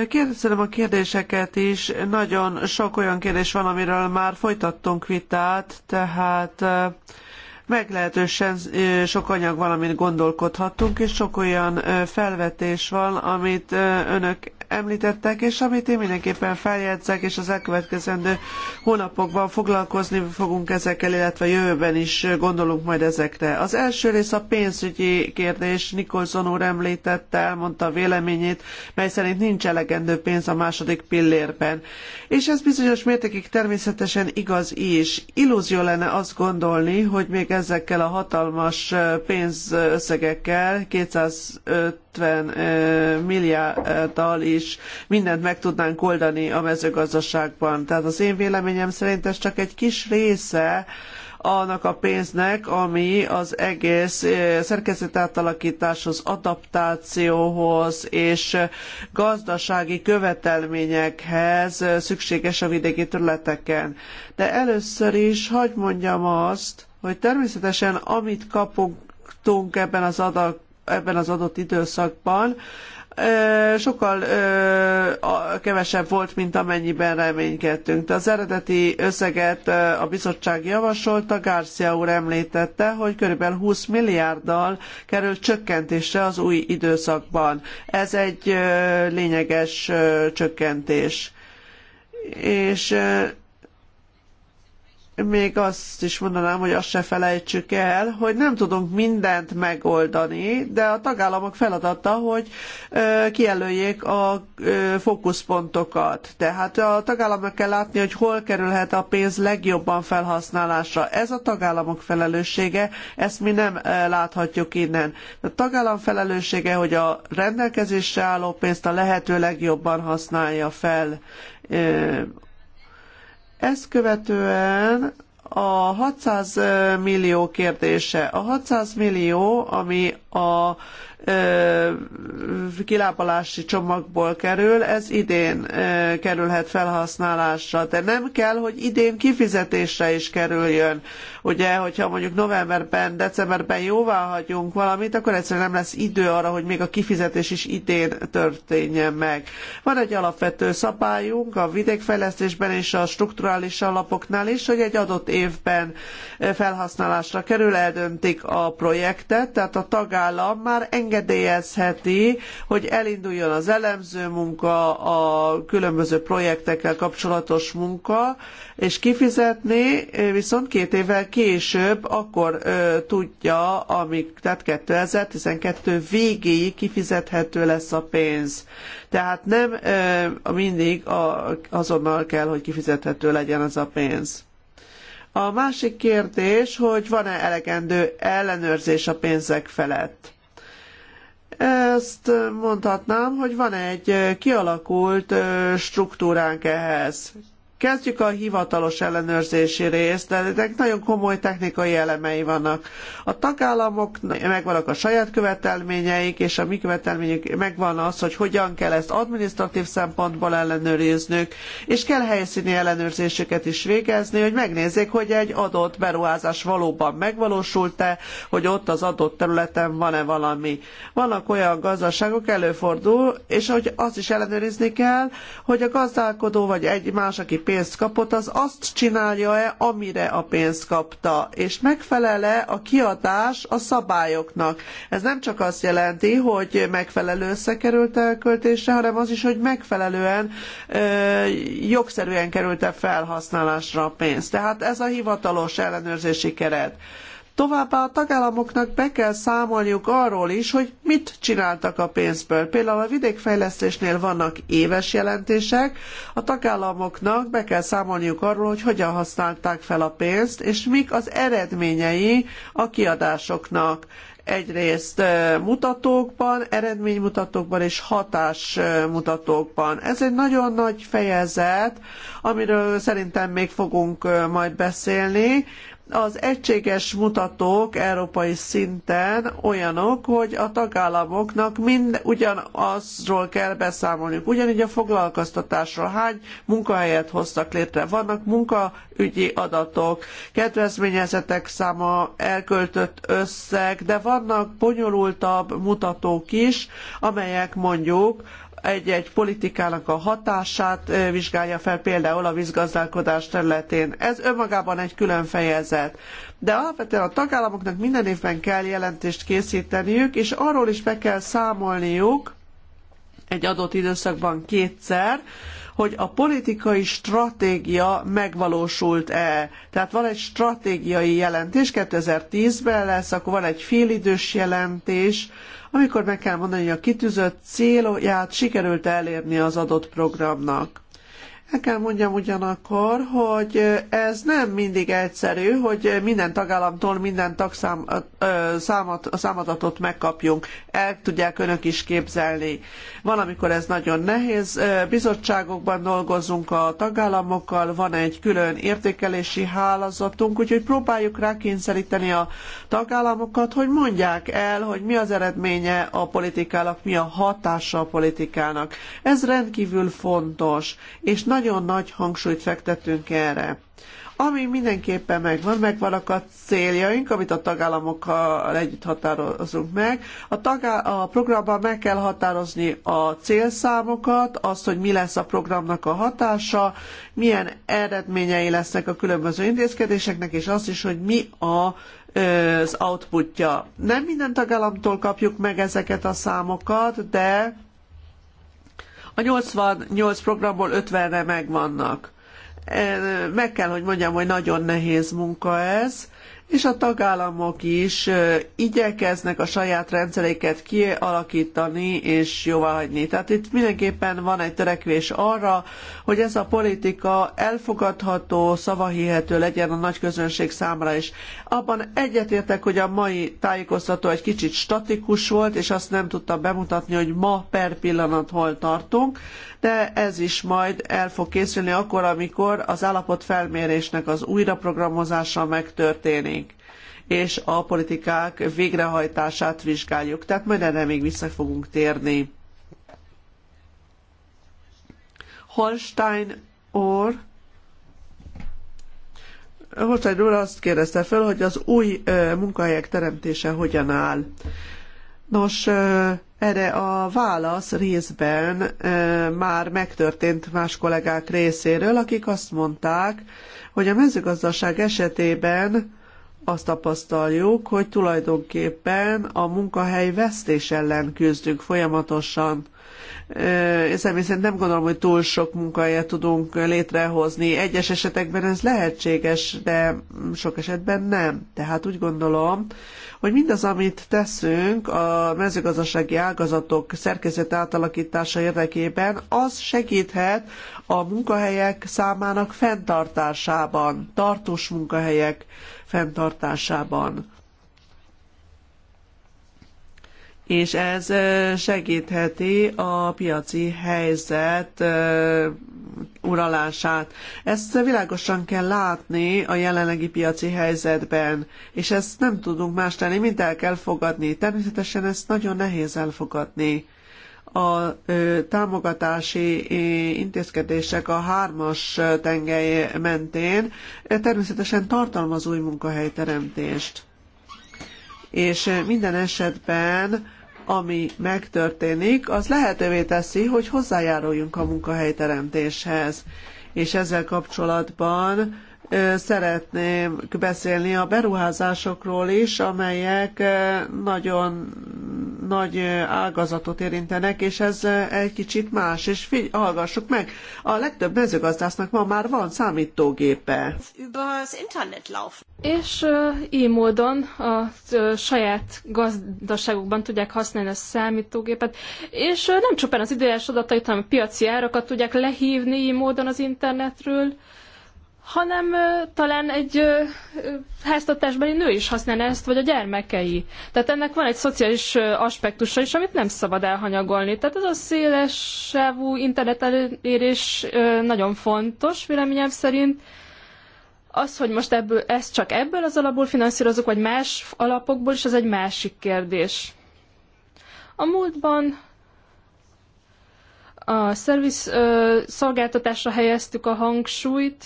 Kérdezem a kérdéseket is. Nagyon sok olyan kérdés van, amiről már folytattunk vitát, tehát meglehetősen sok anyag van, amin gondolkodhatunk, és sok olyan felvetés van, amit önök említettek, és amit én mindenképpen feljegyzek, és az elkövetkezendő hónapokban foglalkozni fogunk ezekkel, illetve jövőben is gondolunk majd ezekre. Az első rész a pénzügyi kérdés, Nikolson úr említette, elmondta a véleményét, mely szerint nincs elegendő pénz a második pillérben. És ez bizonyos mértékig természetesen igaz is. Illúzió lenne azt gondolni, hogy még ezekkel a hatalmas pénzösszegekkel, 250 milliárddal is és mindent meg tudnánk oldani a mezőgazdaságban. Tehát az én véleményem szerint ez csak egy kis része annak a pénznek, ami az egész eh, szerkezetátalakításhoz, adaptációhoz és gazdasági követelményekhez szükséges a vidéki területeken. De először is hagyd mondjam azt, hogy természetesen amit kapunk ebben az adag ebben az adott időszakban, sokkal kevesebb volt, mint amennyiben reménykedtünk. De az eredeti összeget a bizottság javasolta, Garcia úr említette, hogy körülbelül 20 milliárddal kerül csökkentésre az új időszakban. Ez egy lényeges csökkentés. És még azt is mondanám, hogy azt se felejtsük el, hogy nem tudunk mindent megoldani, de a tagállamok feladata, hogy kijelöljék a fókuszpontokat. Tehát a tagállamok kell látni, hogy hol kerülhet a pénz legjobban felhasználásra. Ez a tagállamok felelőssége, ezt mi nem láthatjuk innen. A tagállam felelőssége, hogy a rendelkezésre álló pénzt a lehető legjobban használja fel ezt követően a 600 millió kérdése. A 600 millió, ami a kilábalási csomagból kerül, ez idén kerülhet felhasználásra, de nem kell, hogy idén kifizetésre is kerüljön. Ugye, hogyha mondjuk novemberben, decemberben jóváhagyunk valamit, akkor egyszerűen nem lesz idő arra, hogy még a kifizetés is idén történjen meg. Van egy alapvető szabályunk a vidékfejlesztésben és a strukturális alapoknál is, hogy egy adott évben felhasználásra kerül, eldöntik a projektet, tehát a tagállam már enged engedélyezheti, hogy elinduljon az elemző munka, a különböző projektekkel kapcsolatos munka, és kifizetni viszont két évvel később, akkor ö, tudja, amik, tehát 2012 végéig kifizethető lesz a pénz. Tehát nem ö, mindig a, azonnal kell, hogy kifizethető legyen az a pénz. A másik kérdés, hogy van-e elegendő ellenőrzés a pénzek felett. Ezt mondhatnám, hogy van egy kialakult struktúránk ehhez. Kezdjük a hivatalos ellenőrzési részt, de ennek nagyon komoly technikai elemei vannak. A tagállamok megvannak a saját követelményeik, és a mi követelményük megvan az, hogy hogyan kell ezt administratív szempontból ellenőriznünk, és kell helyszíni ellenőrzéseket is végezni, hogy megnézzék, hogy egy adott beruházás valóban megvalósult-e, hogy ott az adott területen van-e valami. Vannak olyan gazdaságok, előfordul, és hogy azt is ellenőrizni kell, hogy a gazdálkodó vagy egy más, aki pénzt kapott, az azt csinálja-e, amire a pénzt kapta, és megfelele a kiadás a szabályoknak. Ez nem csak azt jelenti, hogy megfelelő összekerült elköltésre, hanem az is, hogy megfelelően ö, jogszerűen került-e felhasználásra a pénz. Tehát ez a hivatalos ellenőrzési keret. Továbbá a tagállamoknak be kell számolniuk arról is, hogy mit csináltak a pénzből. Például a vidékfejlesztésnél vannak éves jelentések, a tagállamoknak be kell számolniuk arról, hogy hogyan használták fel a pénzt, és mik az eredményei a kiadásoknak egyrészt mutatókban, eredménymutatókban és hatásmutatókban. Ez egy nagyon nagy fejezet, amiről szerintem még fogunk majd beszélni, az egységes mutatók európai szinten olyanok, hogy a tagállamoknak mind ugyanazról kell beszámolniuk. Ugyanígy a foglalkoztatásról hány munkahelyet hoztak létre. Vannak munkaügyi adatok, kedvezményezetek száma, elköltött összeg, de vannak bonyolultabb mutatók is, amelyek mondjuk egy-egy politikának a hatását vizsgálja fel, például a vízgazdálkodás területén. Ez önmagában egy külön fejezet. De alapvetően a tagállamoknak minden évben kell jelentést készíteniük, és arról is be kell számolniuk egy adott időszakban kétszer, hogy a politikai stratégia megvalósult-e. Tehát van egy stratégiai jelentés, 2010-ben lesz, akkor van egy félidős jelentés, amikor meg kell mondani, hogy a kitűzött célját sikerült elérni az adott programnak. El kell mondjam ugyanakkor, hogy ez nem mindig egyszerű, hogy minden tagállamtól minden tagszám, számat, számadatot megkapjunk. El tudják önök is képzelni. Valamikor ez nagyon nehéz. Bizottságokban dolgozunk a tagállamokkal, van egy külön értékelési hálózatunk, úgyhogy próbáljuk rákényszeríteni a tagállamokat, hogy mondják el, hogy mi az eredménye a politikának, mi a hatása a politikának. Ez rendkívül fontos, és nagyon nagy hangsúlyt fektetünk erre. Ami mindenképpen megvan, megvan a céljaink, amit a tagállamokkal együtt határozunk meg. A, tagá- a programban meg kell határozni a célszámokat, azt, hogy mi lesz a programnak a hatása, milyen eredményei lesznek a különböző intézkedéseknek, és azt is, hogy mi a az outputja. Nem minden tagállamtól kapjuk meg ezeket a számokat, de a 88 programból 50-re megvannak. Meg kell, hogy mondjam, hogy nagyon nehéz munka ez, és a tagállamok is igyekeznek a saját rendszereiket kialakítani és jóváhagyni. Tehát itt mindenképpen van egy törekvés arra, hogy ez a politika elfogadható, szavahihető legyen a nagy közönség számára is. Abban egyetértek, hogy a mai tájékoztató egy kicsit statikus volt, és azt nem tudta bemutatni, hogy ma per pillanat hol tartunk, de ez is majd el fog készülni akkor, amikor az állapotfelmérésnek az újraprogramozása megtörténik és a politikák végrehajtását vizsgáljuk. Tehát majd erre még vissza fogunk térni. Holstein or Holstein úr azt kérdezte föl, hogy az új munkahelyek teremtése hogyan áll. Nos, erre a válasz részben már megtörtént más kollégák részéről, akik azt mondták, hogy a mezőgazdaság esetében azt tapasztaljuk, hogy tulajdonképpen a munkahely vesztés ellen küzdünk folyamatosan. Én személy szerint nem gondolom, hogy túl sok munkahelyet tudunk létrehozni. Egyes esetekben ez lehetséges, de sok esetben nem. Tehát úgy gondolom, hogy mindaz, amit teszünk a mezőgazdasági ágazatok szerkezet átalakítása érdekében, az segíthet a munkahelyek számának fenntartásában, tartós munkahelyek fenntartásában. És ez segítheti a piaci helyzet uralását. Ezt világosan kell látni a jelenlegi piaci helyzetben, és ezt nem tudunk más tenni, mint el kell fogadni. Természetesen ezt nagyon nehéz elfogadni a támogatási intézkedések a hármas tengely mentén természetesen tartalmaz új munkahelyteremtést. És minden esetben ami megtörténik, az lehetővé teszi, hogy hozzájáruljunk a munkahelyteremtéshez. És ezzel kapcsolatban szeretnék beszélni a beruházásokról is, amelyek nagyon nagy ágazatot érintenek, és ez egy kicsit más, és figy- hallgassuk meg, a legtöbb mezőgazdásznak ma már van számítógépe. És így módon a saját gazdaságukban tudják használni a számítógépet, és nem csupán az időjárás adatait, hanem a piaci árakat tudják lehívni így módon az internetről, hanem talán egy háztartásbeli nő is használná ezt, vagy a gyermekei. Tehát ennek van egy szociális aspektusa is, amit nem szabad elhanyagolni. Tehát ez a széles sávú internet elérés nagyon fontos, véleményem szerint. Az, hogy most ebből, ezt csak ebből az alapból finanszírozunk, vagy más alapokból is, az egy másik kérdés. A múltban a szerviz szolgáltatásra helyeztük a hangsúlyt,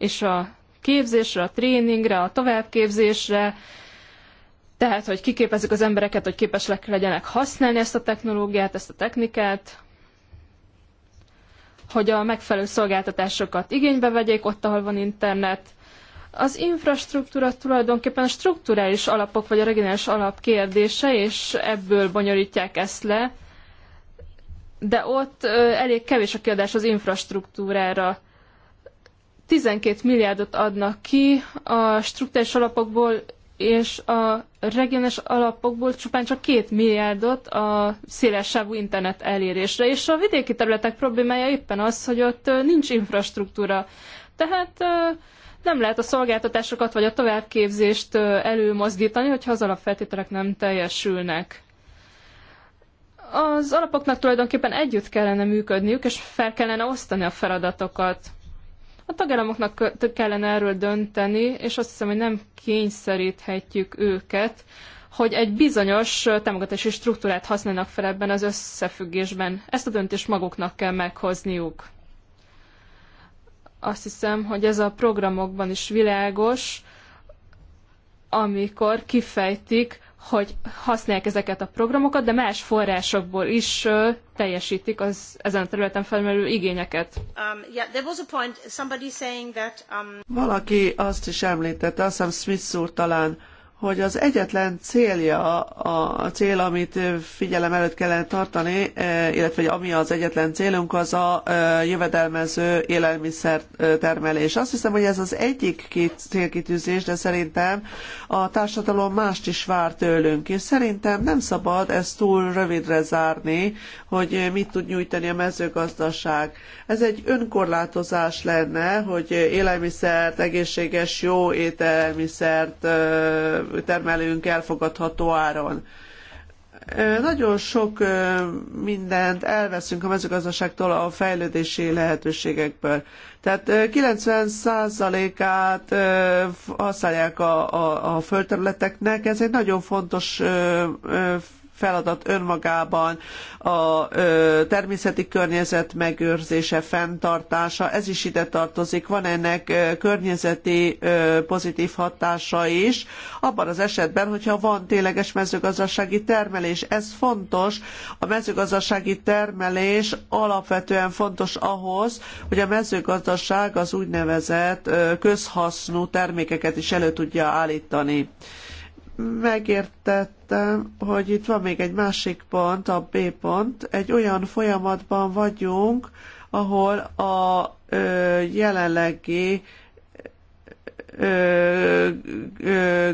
és a képzésre, a tréningre, a továbbképzésre, tehát, hogy kiképezzük az embereket, hogy képesek legyenek használni ezt a technológiát, ezt a technikát, hogy a megfelelő szolgáltatásokat igénybe vegyék ott, ahol van internet. Az infrastruktúra tulajdonképpen a strukturális alapok vagy a regionális alap kérdése, és ebből bonyolítják ezt le, de ott elég kevés a kiadás az infrastruktúrára. 12 milliárdot adnak ki a struktúrás alapokból és a regionális alapokból csupán csak 2 milliárdot a szélessávú internet elérésre. És a vidéki területek problémája éppen az, hogy ott nincs infrastruktúra. Tehát nem lehet a szolgáltatásokat vagy a továbbképzést előmozdítani, hogyha az alapfeltételek nem teljesülnek. Az alapoknak tulajdonképpen együtt kellene működniük, és fel kellene osztani a feladatokat. A tagállamoknak kellene erről dönteni, és azt hiszem, hogy nem kényszeríthetjük őket, hogy egy bizonyos támogatási struktúrát használnak fel ebben az összefüggésben. Ezt a döntést maguknak kell meghozniuk. Azt hiszem, hogy ez a programokban is világos, amikor kifejtik, hogy használják ezeket a programokat, de más forrásokból is teljesítik az ezen a területen felmerülő igényeket. Um, um, Valaki azt is említette, azt hiszem Smith úr talán, hogy az egyetlen célja, a cél, amit figyelem előtt kellene tartani, e, illetve ami az egyetlen célunk, az a e, jövedelmező élelmiszer e, termelés. Azt hiszem, hogy ez az egyik két célkitűzés, de szerintem a társadalom mást is vár tőlünk, és szerintem nem szabad ezt túl rövidre zárni, hogy mit tud nyújtani a mezőgazdaság. Ez egy önkorlátozás lenne, hogy élelmiszert, egészséges, jó ételmiszert termelünk elfogadható áron. Nagyon sok mindent elveszünk a mezőgazdaságtól a fejlődési lehetőségekből. Tehát 90%-át használják a, a, a földterületeknek, ez egy nagyon fontos feladat önmagában a természeti környezet megőrzése, fenntartása, ez is ide tartozik. Van ennek környezeti pozitív hatása is, abban az esetben, hogyha van tényleges mezőgazdasági termelés. Ez fontos, a mezőgazdasági termelés alapvetően fontos ahhoz, hogy a mezőgazdaság az úgynevezett közhasznú termékeket is elő tudja állítani megértettem, hogy itt van még egy másik pont, a B pont. Egy olyan folyamatban vagyunk, ahol a ö, jelenlegi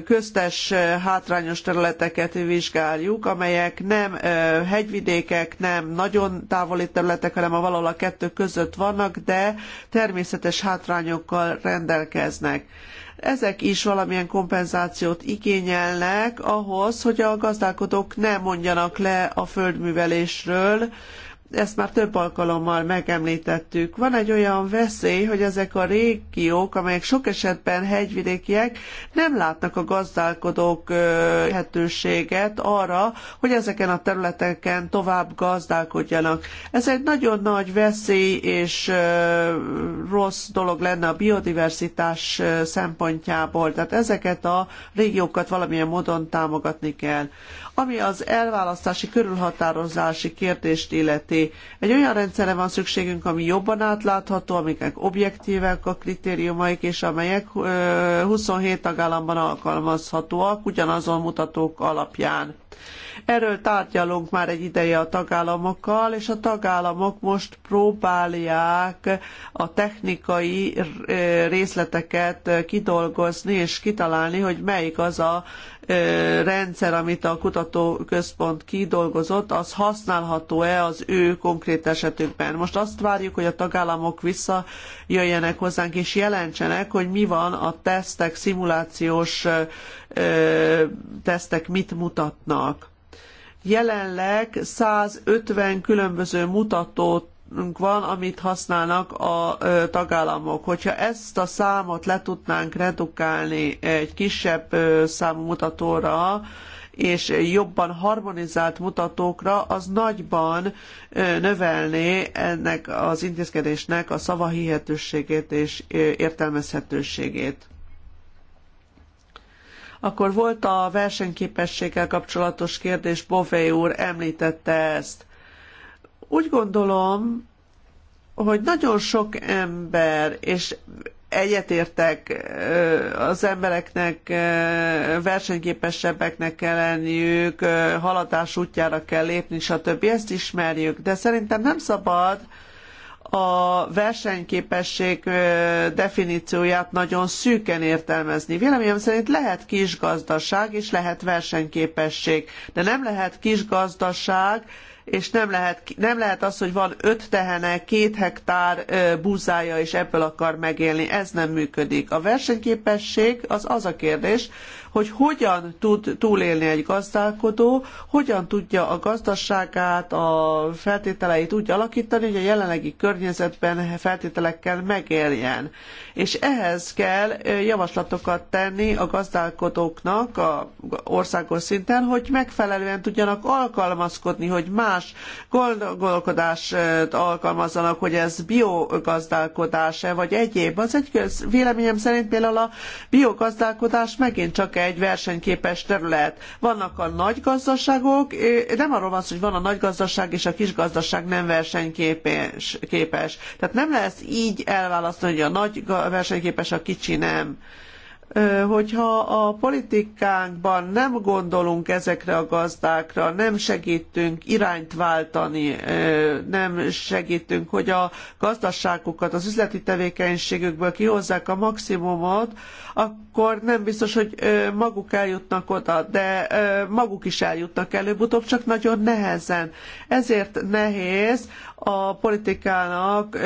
köztes hátrányos területeket vizsgáljuk, amelyek nem hegyvidékek, nem nagyon távoli területek, hanem a valahol a kettő között vannak, de természetes hátrányokkal rendelkeznek ezek is valamilyen kompenzációt igényelnek ahhoz, hogy a gazdálkodók ne mondjanak le a földművelésről, ezt már több alkalommal megemlítettük. Van egy olyan veszély, hogy ezek a régiók, amelyek sok esetben hegyvidékiek, nem látnak a gazdálkodók lehetőséget arra, hogy ezeken a területeken tovább gazdálkodjanak. Ez egy nagyon nagy veszély és rossz dolog lenne a biodiversitás szempontjából. Tehát ezeket a régiókat valamilyen módon támogatni kell. Ami az elválasztási körülhatározási kérdést illeti, egy olyan rendszerre van szükségünk, ami jobban átlátható, amiknek objektívek a kritériumaik, és amelyek 27 tagállamban alkalmazhatóak ugyanazon mutatók alapján. Erről tárgyalunk már egy ideje a tagállamokkal, és a tagállamok most próbálják a technikai eh, részleteket eh, kidolgozni és kitalálni, hogy melyik az a eh, rendszer, amit a kutatóközpont kidolgozott, az használható-e az ő konkrét esetükben. Most azt várjuk, hogy a tagállamok visszajöjjenek hozzánk és jelentsenek, hogy mi van a tesztek szimulációs tesztek mit mutatnak. Jelenleg 150 különböző mutatónk van, amit használnak a tagállamok. Hogyha ezt a számot le tudnánk redukálni egy kisebb számú mutatóra, és jobban harmonizált mutatókra, az nagyban növelné ennek az intézkedésnek a szavahihetőségét és értelmezhetőségét. Akkor volt a versenyképességgel kapcsolatos kérdés, Bové úr említette ezt. Úgy gondolom, hogy nagyon sok ember, és egyetértek, az embereknek versenyképesebbeknek kell lenniük, haladás útjára kell lépni, stb. Ezt ismerjük, de szerintem nem szabad a versenyképesség definícióját nagyon szűken értelmezni. Véleményem szerint lehet kisgazdaság és lehet versenyképesség, de nem lehet kisgazdaság, és nem lehet, nem lehet az, hogy van öt tehene, két hektár búzája, és ebből akar megélni. Ez nem működik. A versenyképesség az az a kérdés, hogy hogyan tud túlélni egy gazdálkodó, hogyan tudja a gazdaságát, a feltételeit úgy alakítani, hogy a jelenlegi környezetben feltételekkel megéljen. És ehhez kell javaslatokat tenni a gazdálkodóknak a országos szinten, hogy megfelelően tudjanak alkalmazkodni, hogy más gondolkodást alkalmazzanak, hogy ez biogazdálkodás-e, vagy egyéb. Az egy véleményem szerint például a biogazdálkodás megint csak egy egy versenyképes terület. Vannak a nagy gazdaságok, nem arról van szó, hogy van a nagy gazdaság és a kis gazdaság nem versenyképes. Képes. Tehát nem lesz így elválasztani, hogy a nagy versenyképes, a kicsi nem hogyha a politikánkban nem gondolunk ezekre a gazdákra, nem segítünk irányt váltani, nem segítünk, hogy a gazdaságukat, az üzleti tevékenységükből kihozzák a maximumot, akkor nem biztos, hogy maguk eljutnak oda, de maguk is eljutnak előbb-utóbb, csak nagyon nehezen. Ezért nehéz a politikának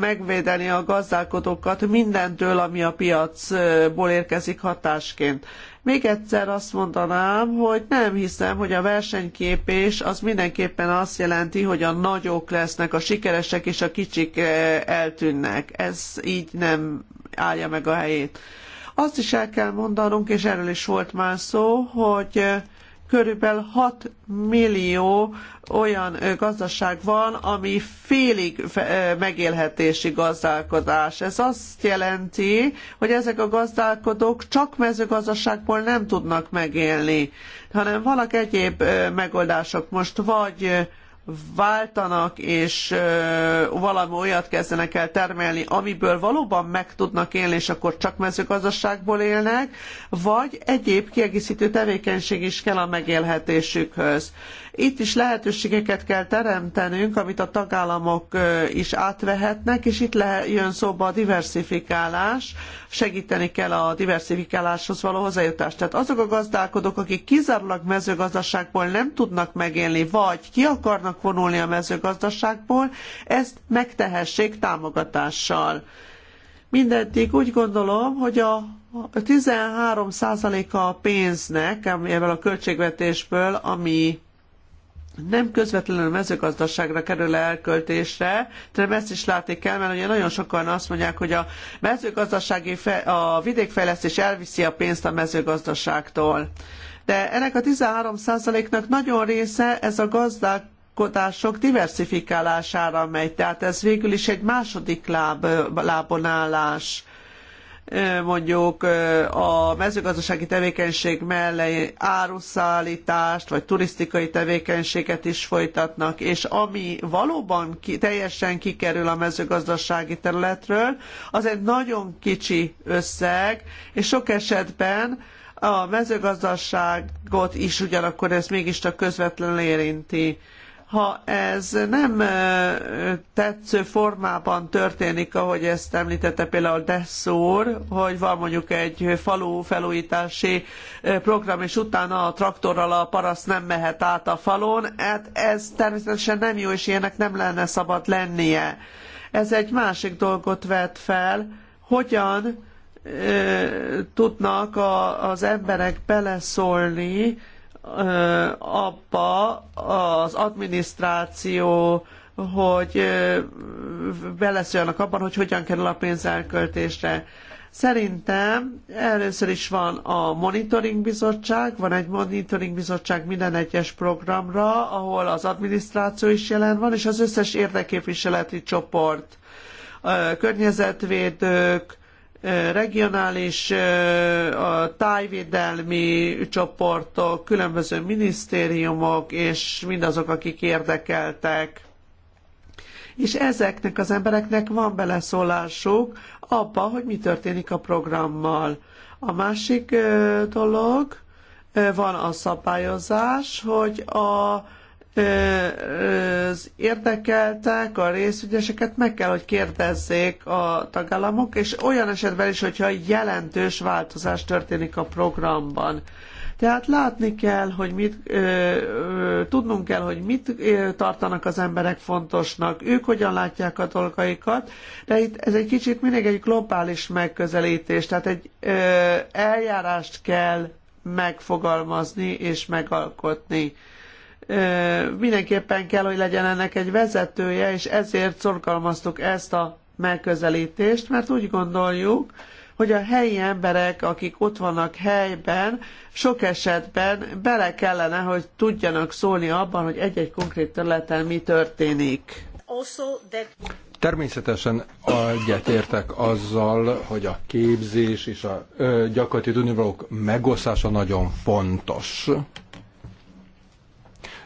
megvédeni a gazdálkodókat mindentől, ami a piacból érkezik hatásként. Még egyszer azt mondanám, hogy nem hiszem, hogy a versenyképés az mindenképpen azt jelenti, hogy a nagyok lesznek a sikeresek, és a kicsik eltűnnek. Ez így nem állja meg a helyét. Azt is el kell mondanunk, és erről is volt már szó, hogy eh, körülbelül 6 millió olyan eh, gazdaság van, ami félig eh, megélhetési gazdálkodás. Ez azt jelenti, hogy ezek a gazdálkodók csak mezőgazdaságból nem tudnak megélni, hanem vannak egyéb megoldások. Most vagy váltanak, és valami olyat kezdenek el termelni, amiből valóban meg tudnak élni, és akkor csak mezőgazdaságból élnek, vagy egyéb kiegészítő tevékenység is kell a megélhetésükhöz. Itt is lehetőségeket kell teremtenünk, amit a tagállamok is átvehetnek, és itt jön szóba a diversifikálás, segíteni kell a diversifikáláshoz való hozzájutást. Tehát azok a gazdálkodók, akik kizárólag mezőgazdaságból nem tudnak megélni, vagy ki akarnak vonulni a mezőgazdaságból, ezt megtehessék támogatással. Mindeddig úgy gondolom, hogy a 13%-a a pénznek, ebből a költségvetésből, ami nem közvetlenül mezőgazdaságra kerül elköltésre, de ezt is látni kell, mert ugye nagyon sokan azt mondják, hogy a mezőgazdasági, a vidékfejlesztés elviszi a pénzt a mezőgazdaságtól. De ennek a 13%-nak nagyon része ez a gazdák alkotások diversifikálására megy, tehát ez végül is egy második láb, lábon állás mondjuk a mezőgazdasági tevékenység mellé áruszállítást vagy turisztikai tevékenységet is folytatnak, és ami valóban ki, teljesen kikerül a mezőgazdasági területről, az egy nagyon kicsi összeg, és sok esetben a mezőgazdaságot is ugyanakkor ez mégiscsak közvetlenül érinti. Ha ez nem tetsző formában történik, ahogy ezt említette például Dessúr, hogy van mondjuk egy falu felújítási program, és utána a traktorral a paraszt nem mehet át a falon, hát ez természetesen nem jó, és ilyenek nem lenne szabad lennie. Ez egy másik dolgot vet fel, hogyan tudnak a, az emberek beleszólni, abba az adminisztráció, hogy beleszóljanak abban, hogy hogyan kerül a pénz elköltésre. Szerintem először is van a monitoring bizottság, van egy monitoring bizottság minden egyes programra, ahol az adminisztráció is jelen van, és az összes érdekképviseleti csoport, környezetvédők, regionális, a tájvédelmi csoportok, különböző minisztériumok és mindazok, akik érdekeltek. És ezeknek az embereknek van beleszólásuk abba, hogy mi történik a programmal. A másik dolog, van a szabályozás, hogy a az érdekeltek, a részügyeseket meg kell, hogy kérdezzék a tagállamok, és olyan esetben is, hogyha jelentős változás történik a programban. Tehát látni kell, hogy mit, tudnunk kell, hogy mit tartanak az emberek fontosnak, ők hogyan látják a dolgaikat, de itt ez egy kicsit mindig egy globális megközelítés, tehát egy eljárást kell megfogalmazni és megalkotni mindenképpen kell, hogy legyen ennek egy vezetője, és ezért szorgalmaztuk ezt a megközelítést, mert úgy gondoljuk, hogy a helyi emberek, akik ott vannak helyben, sok esetben bele kellene, hogy tudjanak szólni abban, hogy egy-egy konkrét területen mi történik. Természetesen egyetértek azzal, hogy a képzés és a gyakorlati tudnivalók megosztása nagyon fontos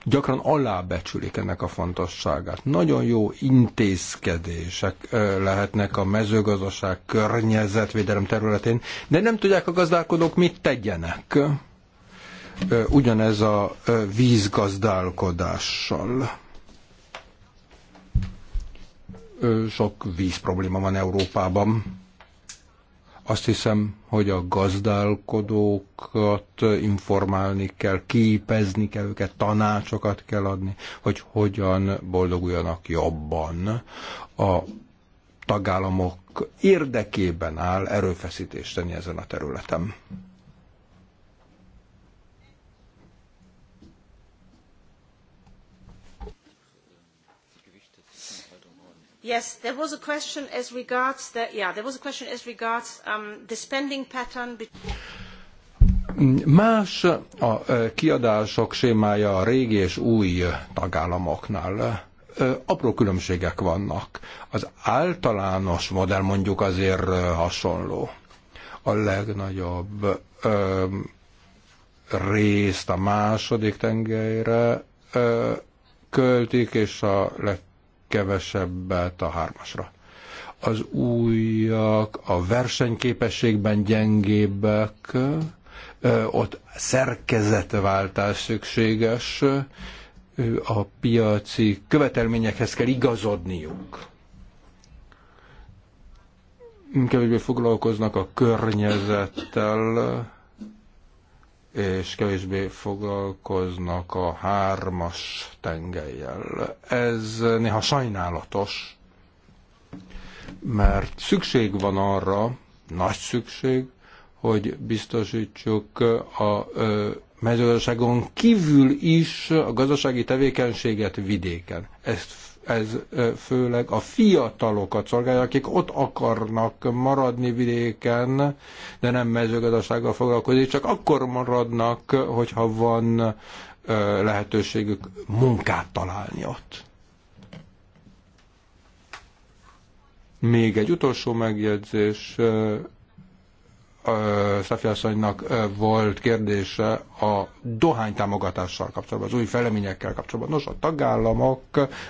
gyakran alábecsülik ennek a fontosságát. Nagyon jó intézkedések lehetnek a mezőgazdaság, környezetvédelem területén, de nem tudják a gazdálkodók mit tegyenek. Ugyanez a vízgazdálkodással sok víz probléma van Európában. Azt hiszem, hogy a gazdálkodókat informálni kell, képezni kell őket, tanácsokat kell adni, hogy hogyan boldoguljanak jobban. A tagállamok érdekében áll erőfeszítést tenni ezen a területen. Yes, there was a question as regards the, yeah, there was a question as regards um, the spending pattern. Más a kiadások sémája a régi és új tagállamoknál. Apró különbségek vannak. Az általános modell mondjuk azért hasonló. A legnagyobb ö, részt a második tengelyre költik, és a leg kevesebbet a hármasra. Az újak a versenyképességben gyengébbek, ott szerkezetváltás szükséges, a piaci követelményekhez kell igazodniuk kevésbé foglalkoznak a környezettel, és kevésbé foglalkoznak a hármas tengelyel. Ez néha sajnálatos, mert szükség van arra, nagy szükség, hogy biztosítsuk a mezőgazdaságon kívül is a gazdasági tevékenységet vidéken. Ezt ez főleg a fiatalokat szolgálja, akik ott akarnak maradni vidéken, de nem mezőgazdasággal foglalkozni, csak akkor maradnak, hogyha van lehetőségük munkát találni ott. Még egy utolsó megjegyzés Szafi asszonynak volt kérdése a dohány támogatással kapcsolatban, az új feleményekkel kapcsolatban. Nos, a tagállamok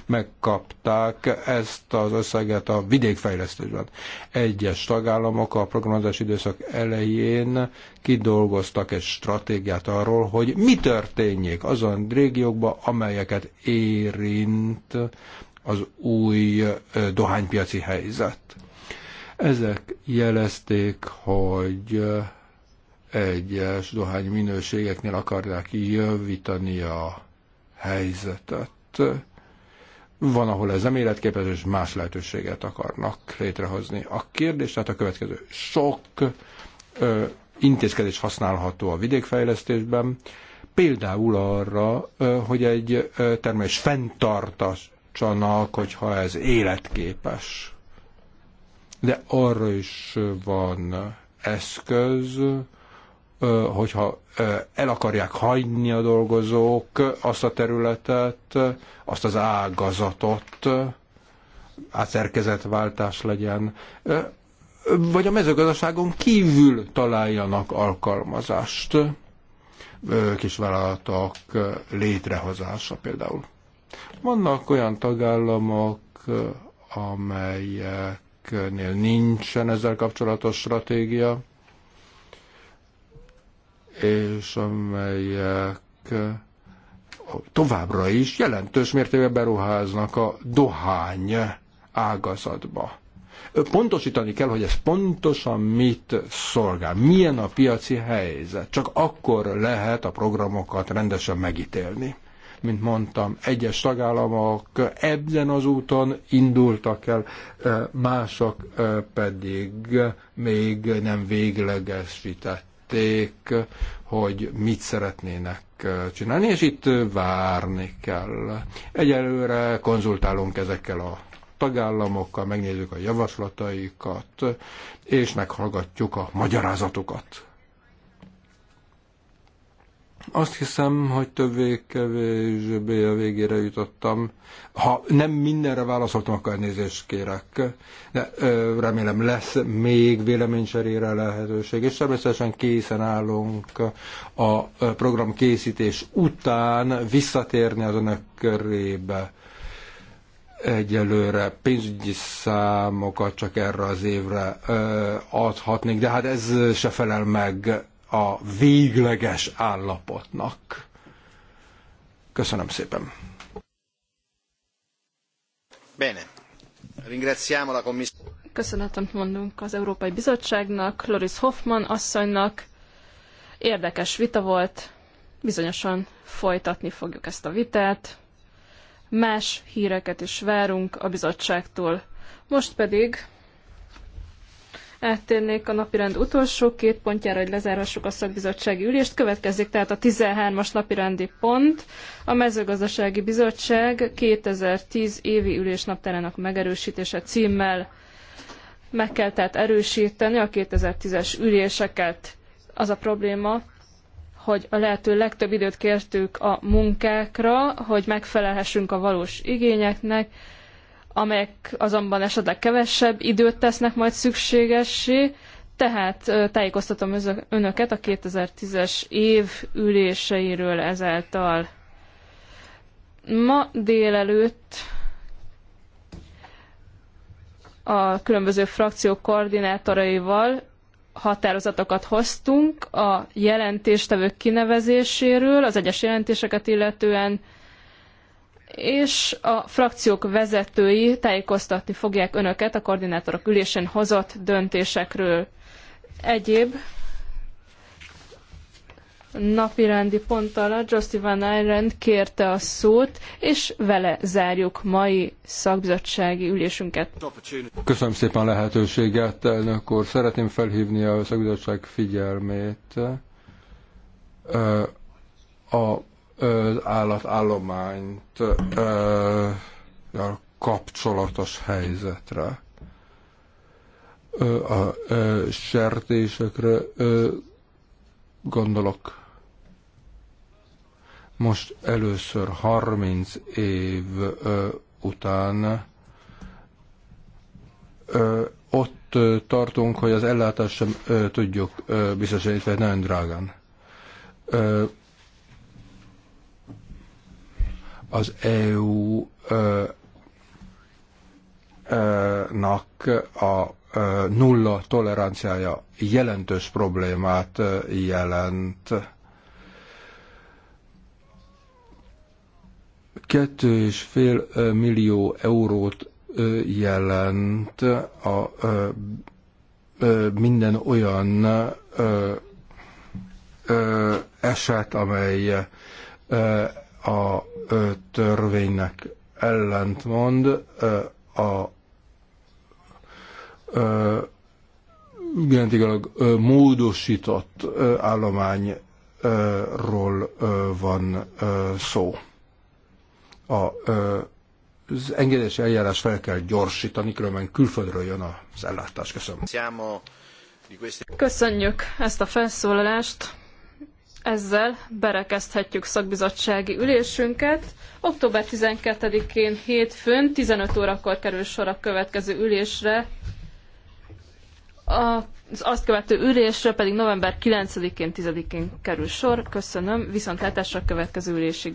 megkapták ezt az összeget a vidékfejlesztésben. Egyes tagállamok a programozási időszak elején kidolgoztak egy stratégiát arról, hogy mi történjék azon régiókban, amelyeket érint az új dohánypiaci helyzet ezek jelezték, hogy egyes dohány minőségeknél akarják javítani a helyzetet. Van, ahol ez nem életképes, és más lehetőséget akarnak létrehozni. A kérdés tehát a következő. Sok ö, intézkedés használható a vidékfejlesztésben, például arra, ö, hogy egy termés fenntartassanak, hogyha ez életképes de arra is van eszköz, hogyha el akarják hagyni a dolgozók azt a területet, azt az ágazatot, átszerkezetváltás legyen, vagy a mezőgazdaságon kívül találjanak alkalmazást, kisvállalatok létrehozása például. Vannak olyan tagállamok, amelyek cégeknél nincsen ezzel kapcsolatos stratégia, és amelyek továbbra is jelentős mértékben beruháznak a dohány ágazatba. Pontosítani kell, hogy ez pontosan mit szolgál, milyen a piaci helyzet. Csak akkor lehet a programokat rendesen megítélni. Mint mondtam, egyes tagállamok ebben az úton indultak el, mások pedig még nem véglegesítették, hogy mit szeretnének csinálni, és itt várni kell. Egyelőre konzultálunk ezekkel a tagállamokkal, megnézzük a javaslataikat, és meghallgatjuk a magyarázatokat. Azt hiszem, hogy többé-kevésbé a végére jutottam. Ha nem mindenre válaszoltam, akkor elnézést kérek. De ö, remélem lesz még véleménycserére lehetőség, és természetesen készen állunk a program készítés után visszatérni az önök körébe egyelőre pénzügyi számokat csak erre az évre adhatnék, de hát ez se felel meg a végleges állapotnak. Köszönöm szépen. Bene. Ringraziamo la commissione. Köszönetet mondunk az Európai Bizottságnak, Loris Hoffman asszonynak. Érdekes vita volt, bizonyosan folytatni fogjuk ezt a vitát. Más híreket is várunk a bizottságtól. Most pedig Áttérnék a napirend utolsó két pontjára, hogy lezárhassuk a szakbizottsági ülést. Következik tehát a 13-as napirendi pont, a mezőgazdasági bizottság 2010 évi ülésnaptárának megerősítése címmel meg kell tehát erősíteni a 2010-es üléseket. Az a probléma, hogy a lehető legtöbb időt kértük a munkákra, hogy megfelelhessünk a valós igényeknek, amelyek azonban esetleg kevesebb időt tesznek majd szükségessé, tehát tájékoztatom önöket a 2010-es év üléseiről ezáltal. Ma délelőtt a különböző frakciók koordinátoraival határozatokat hoztunk a jelentéstevők kinevezéséről, az egyes jelentéseket illetően, és a frakciók vezetői tájékoztatni fogják önöket a koordinátorok ülésén hozott döntésekről. Egyéb napirendi ponttal a Josti Van Island kérte a szót, és vele zárjuk mai szakbizottsági ülésünket. Köszönöm szépen a lehetőséget, elnök úr. Szeretném felhívni a szakbizottság figyelmét a állatállományt kapcsolatos helyzetre, a sertésekre gondolok. Most először 30 év után ott tartunk, hogy az ellátást sem tudjuk biztosítani, nagyon drágán az EU nak a nulla toleranciája jelentős problémát jelent. Kettő és fél millió eurót jelent a minden olyan eset, amely a törvénynek ellentmond a genetikailag módosított állományról van szó. A, az engedési eljárás fel kell gyorsítani, különben külföldről jön az ellátás. Köszönöm. Köszönjük ezt a felszólalást ezzel berekezthetjük szakbizottsági ülésünket. Október 12-én hétfőn 15 órakor kerül sor a következő ülésre, az azt követő ülésre pedig november 9-én, 10-én kerül sor. Köszönöm, viszontlátásra a következő ülésig.